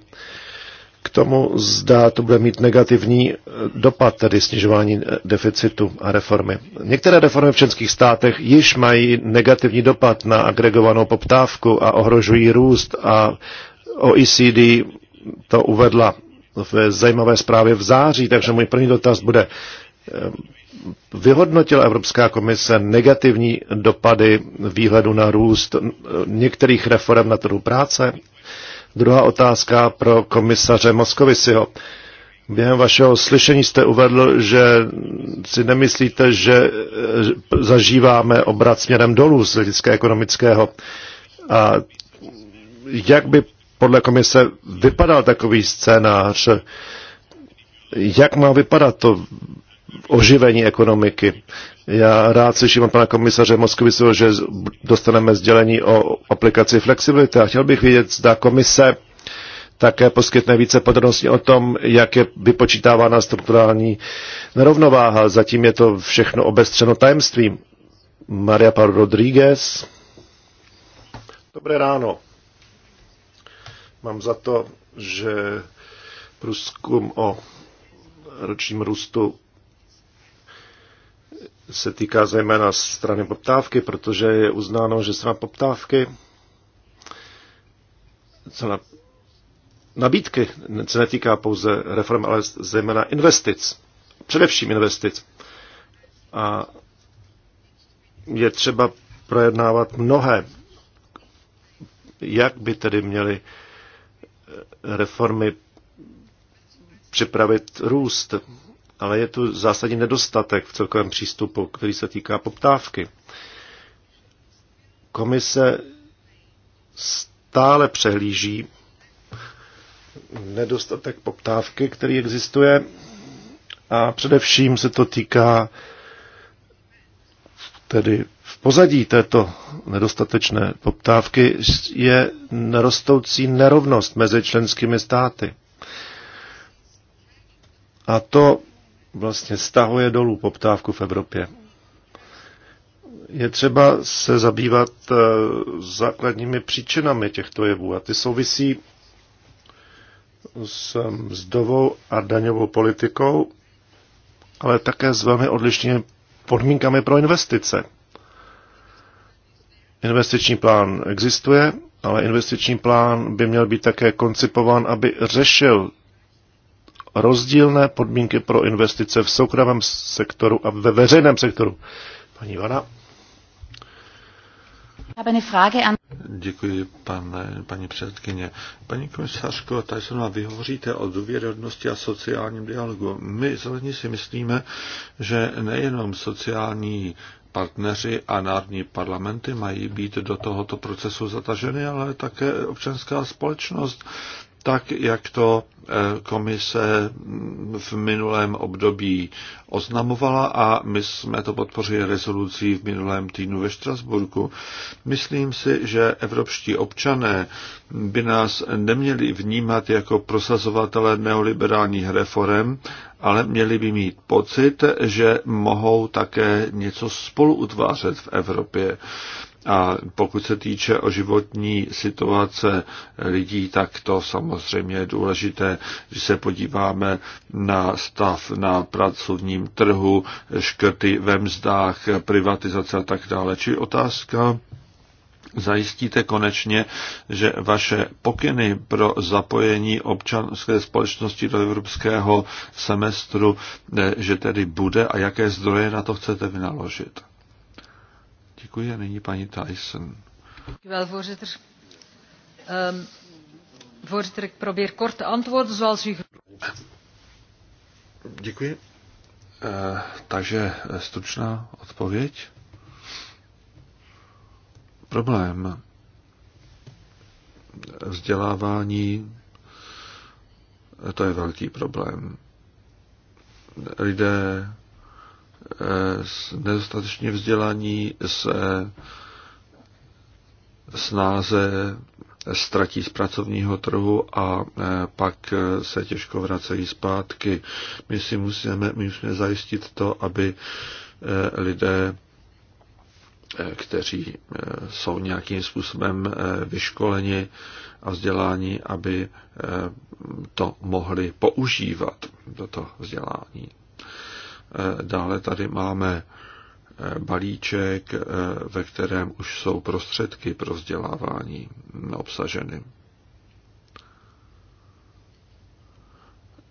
k tomu, zda to bude mít negativní eh, dopad, tedy snižování eh, deficitu a reformy. Některé reformy v českých státech již mají negativní dopad na agregovanou poptávku a ohrožují růst a OECD to uvedla v zajímavé zprávě v září, takže můj první dotaz bude, eh, vyhodnotila Evropská komise negativní dopady výhledu na růst některých reform na trhu práce Druhá otázka pro komisaře Moskovisiho. Během vašeho slyšení jste uvedl, že si nemyslíte, že eh, zažíváme obrat směrem dolů z hlediska ekonomického. A jak by podle komise vypadal takový scénář? Jak má vypadat to oživení ekonomiky. Já rád slyším od pana komisaře Moskvisu, že dostaneme sdělení o aplikaci flexibility a chtěl bych vědět, zda komise také poskytne více podrobností o tom, jak je vypočítávána strukturální nerovnováha. Zatím je to všechno obestřeno tajemstvím. Maria Paul Rodriguez. Dobré ráno. Mám za to, že průzkum o ročním růstu se týká zejména strany poptávky, protože je uznáno, že strana poptávky cena nabídky se netýká pouze reform, ale zejména investic. Především investic. A je třeba projednávat mnohé. Jak by tedy měly eh, reformy připravit růst? ale je tu zásadní nedostatek v celkovém přístupu, který se týká poptávky. Komise stále přehlíží nedostatek poptávky, který existuje a především se to týká tedy v pozadí této nedostatečné poptávky je narostoucí nerovnost mezi členskými státy. A to vlastně stahuje dolů poptávku v Evropě. Je třeba se zabývat eh, základními příčinami těchto jevů a ty souvisí s eh, mzdovou a daňovou politikou, ale také s velmi odlišnými podmínkami pro investice. Investiční plán existuje, ale investiční plán by měl být také koncipován, aby řešil rozdílné podmínky pro investice v soukromém sektoru a ve veřejném sektoru. Paní Vana. Děkuji, pane, paní předsedkyně. Paní komisařko, tady se vám vyhovoříte o důvěrodnosti a sociálním dialogu. My zelení si myslíme, že nejenom sociální partneři a národní parlamenty mají být do tohoto procesu zataženy, ale také občanská společnost tak jak to eh, komise v minulém období oznamovala a my jsme to podpořili rezolucí v minulém týdnu ve Štrasburku. Myslím si, že evropští občané by nás neměli vnímat jako prosazovatele neoliberálních reform, ale měli by mít pocit, že mohou také něco spolu utvářet v Evropě. A pokud se týče o životní situace lidí, tak to samozřejmě je důležité, když se podíváme na stav na pracovním trhu, škrty ve mzdách, privatizace a tak dále. Či otázka, zajistíte konečně, že vaše pokyny pro zapojení občanské společnosti do evropského semestru, že tedy bude a jaké zdroje na to chcete vynaložit? Děkuji a nyní paní Tyson. Ehm, Děkuji. Eh, takže eh, stručná odpověď. Problém vzdělávání, eh, to je velký problém. Lidé s eh, nedostatečně vzdělaní s snáze ztratí z pracovního trhu a eh, pak eh, se těžko vracejí zpátky. My si musíme, my musíme zajistit to, aby lidé, kteří jsou nějakým způsobem vyškoleni a vzdělání, aby to mohli používat, toto vzdělání. Eh, dále tady máme eh, balíček, eh, ve kterém už jsou prostředky pro vzdělávání mm, obsaženy.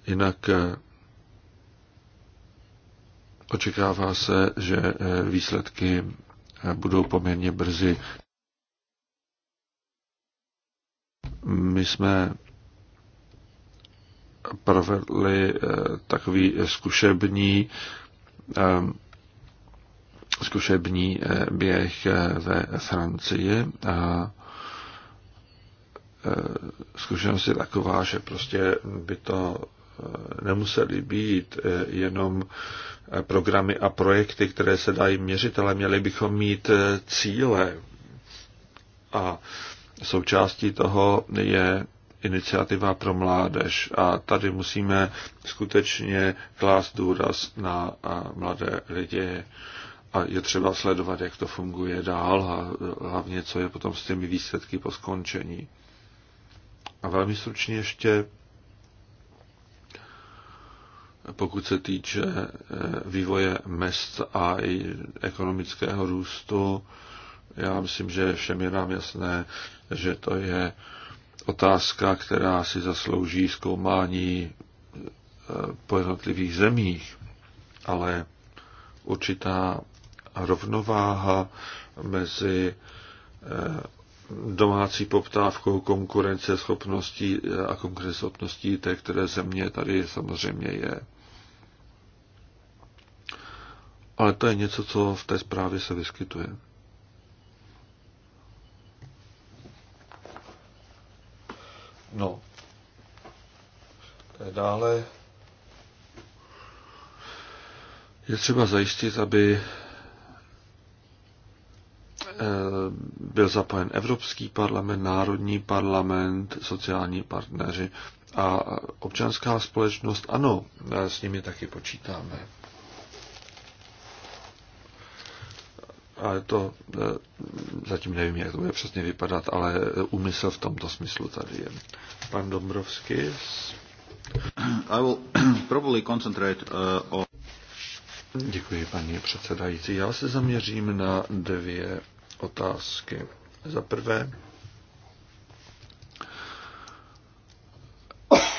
Jinak očekává se, že výsledky budou poměrně brzy. My jsme provedli eh, takový zkušební eh, zkušební eh, běh ve Francii a zkušenost je taková, že prostě by to nemuseli být jenom programy a projekty, které se dají měřit, ale měli bychom mít cíle. A součástí toho je iniciativa pro mládež a tady musíme skutečně klást důraz na mladé lidi a je třeba sledovat, jak to funguje dál a hlavně, co je potom s těmi výsledky po skončení. A velmi stručně ještě, pokud se týče e, vývoje mest a i ekonomického růstu, já myslím, že všem je nám jasné, že to je otázka, která si zaslouží zkoumání eh, po jednotlivých zemích, ale určitá rovnováha mezi eh, domácí poptávkou, konkurenceschopností eh, a konkurenceschopností té, které země tady samozřejmě je. Ale to je něco, co v té zprávě se vyskytuje. No. E, dále je třeba zajistit, aby e, byl zapojen Evropský parlament, Národní parlament, sociální partneři a občanská společnost. Ano, e, s nimi taky počítáme. ale to eh, zatím nevím, jak to bude přesně vypadat, ale eh, úmysl v tomto smyslu tady je. Pan Dombrovský. I will [clears throat] probably concentrate uh, on... Děkuji, paní předsedající. Já se zaměřím na dvě otázky. Za prvé,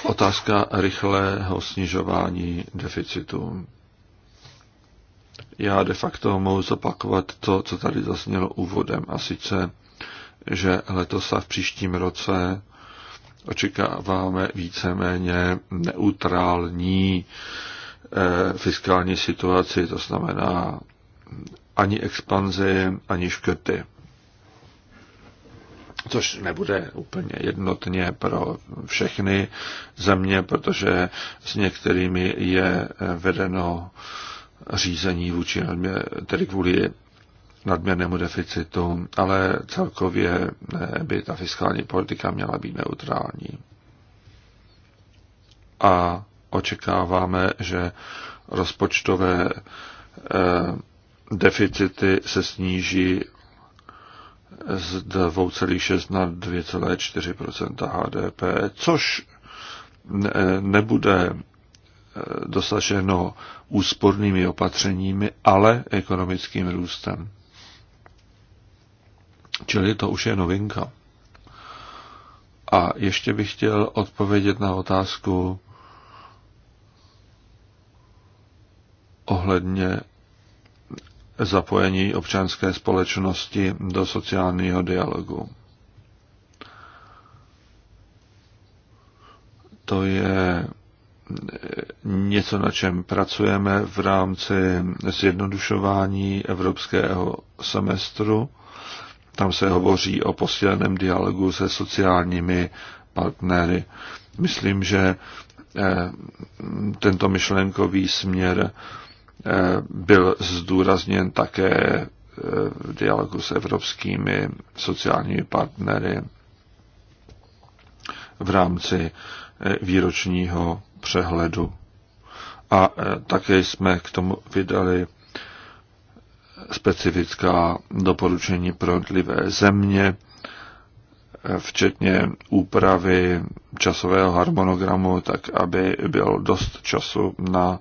otázka rychlého snižování deficitu já de facto mohu zopakovat to, co tady zaznělo úvodem, a sice, že letos a v příštím roce očekáváme víceméně neutrální eh, fiskální situaci, to znamená ani expanzi, ani škrty. Což nebude úplně jednotně pro všechny země, protože s některými je eh, vedeno e, řízení vůči, tedy kvůli nadměrnému deficitu, ale celkově eh, by ta fiskální politika měla být neutrální. A očekáváme, že rozpočtové eh, deficity se sníží z 2,6 na 2,4 HDP, což eh, nebude dosaženo úspornými opatřeními, ale ekonomickým růstem. Čili to už je novinka. A ještě bych chtěl odpovědět na otázku ohledně zapojení občanské společnosti do sociálního dialogu. To je něco, na čem pracujeme v rámci zjednodušování evropského semestru. Tam se hovoří o posíleném dialogu se sociálními partnery. Myslím, že eh, tento myšlenkový směr eh, byl zdůrazněn také eh, v dialogu s evropskými sociálními partnery v rámci výročního přehledu. A e, také jsme k tomu vydali specifická doporučení pro odlivé země, e, včetně úpravy časového harmonogramu, tak aby bylo dost času na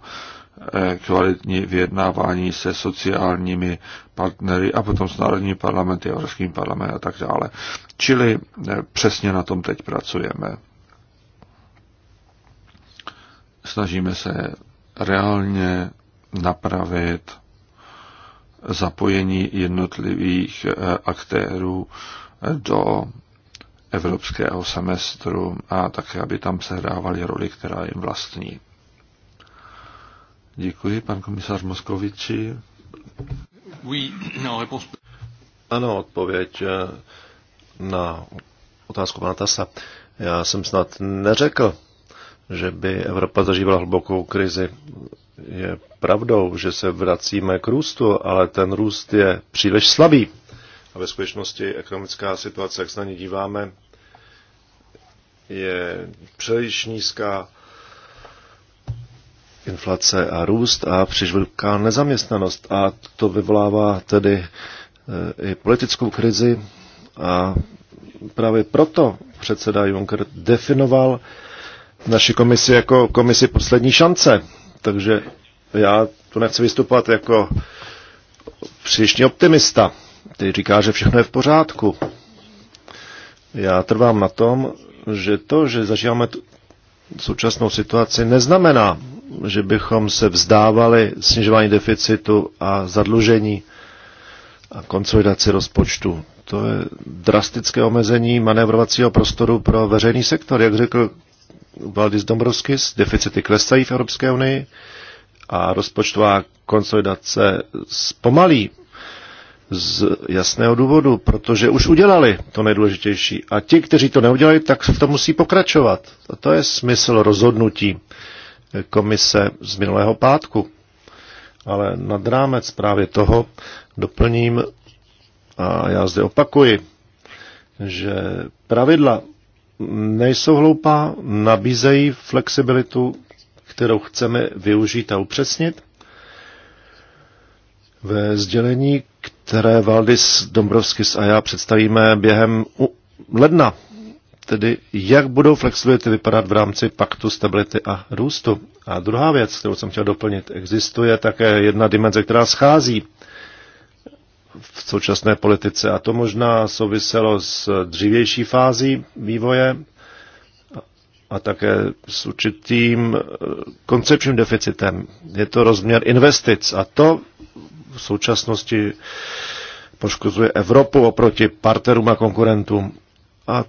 e, kvalitní vyjednávání se sociálními partnery a potom s národní parlamenty, Evropským parlamentem a tak dále. Čili přesně na tom teď pracujeme. Snažíme se reálně napravit zapojení jednotlivých eh, aktérů eh, do evropského semestru a také, aby tam sehrávali roli, která jim vlastní. Děkuji, pan komisař Moskoviči. No, ano, odpověď eh, na otázku pana Tasa. Já jsem snad neřekl, že by Evropa zažívala hlubokou krizi. Je pravdou, že se vracíme k růstu, ale ten růst je příliš slabý. A ve skutečnosti ekonomická situace, jak se na ní díváme, je příliš nízká inflace a růst a příliš velká nezaměstnanost. A to vyvolává tedy eh, i politickou krizi a právě proto předseda Juncker definoval naši komisi jako komisi poslední šance. Takže já tu nechci vystupovat jako přílišný optimista, který říká, že všechno je v pořádku. Já trvám na tom, že to, že zažíváme současnou situaci, neznamená, že bychom se vzdávali snižování deficitu a zadlužení a konsolidaci rozpočtu. To je drastické omezení manevrovacího prostoru pro veřejný sektor. Jak řekl Valdis Dombrovskis, deficity klesají v Evropské unii a rozpočtová konsolidace zpomalí z jasného důvodu, protože už udělali to nejdůležitější. A ti, kteří to neudělali, tak v tom musí pokračovat. A to je smysl rozhodnutí komise z minulého pátku. Ale nad rámec právě toho doplním, a já zde opakuji, že pravidla nejsou hloupá, nabízejí flexibilitu, kterou chceme využít a upřesnit. Ve sdělení, které Valdis Dombrovskis a já představíme během ledna, tedy jak budou flexibility vypadat v rámci paktu stability a růstu. A druhá věc, kterou jsem chtěl doplnit, existuje také jedna dimenze, která schází v současné politice. A to možná souviselo s dřívější fází vývoje a také s určitým eh, koncepčním deficitem. Je to rozměr investic a to v současnosti poškozuje Evropu oproti partnerům a konkurentům. A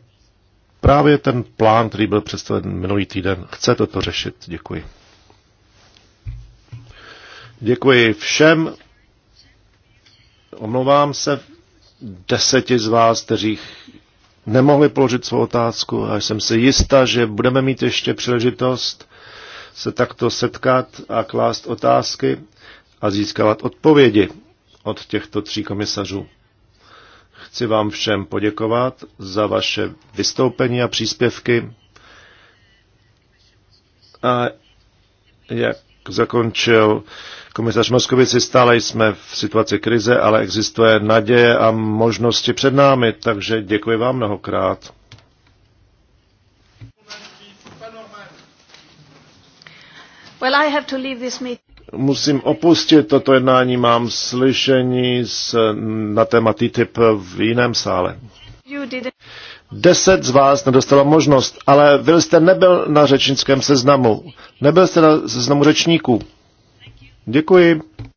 právě ten plán, který byl představen minulý týden, chce toto řešit. Děkuji. Děkuji všem Omlouvám se deseti z vás, kteří nemohli položit svou otázku a jsem si jista, že budeme mít ještě příležitost se takto setkat a klást otázky a získávat odpovědi od těchto tří komisařů. Chci vám všem poděkovat za vaše vystoupení a příspěvky. A jak zakončil komisař Moskovici, stále jsme v situaci krize, ale existuje naděje a možnosti před námi, takže děkuji vám mnohokrát. Well, I have to leave this meeting. Musím opustit toto jednání, mám slyšení s, na téma TTIP v jiném sále. Deset z vás nedostalo možnost, ale vy jste nebyl na řečnickém seznamu. Nebyl jste na seznamu řečníků. Děkuji.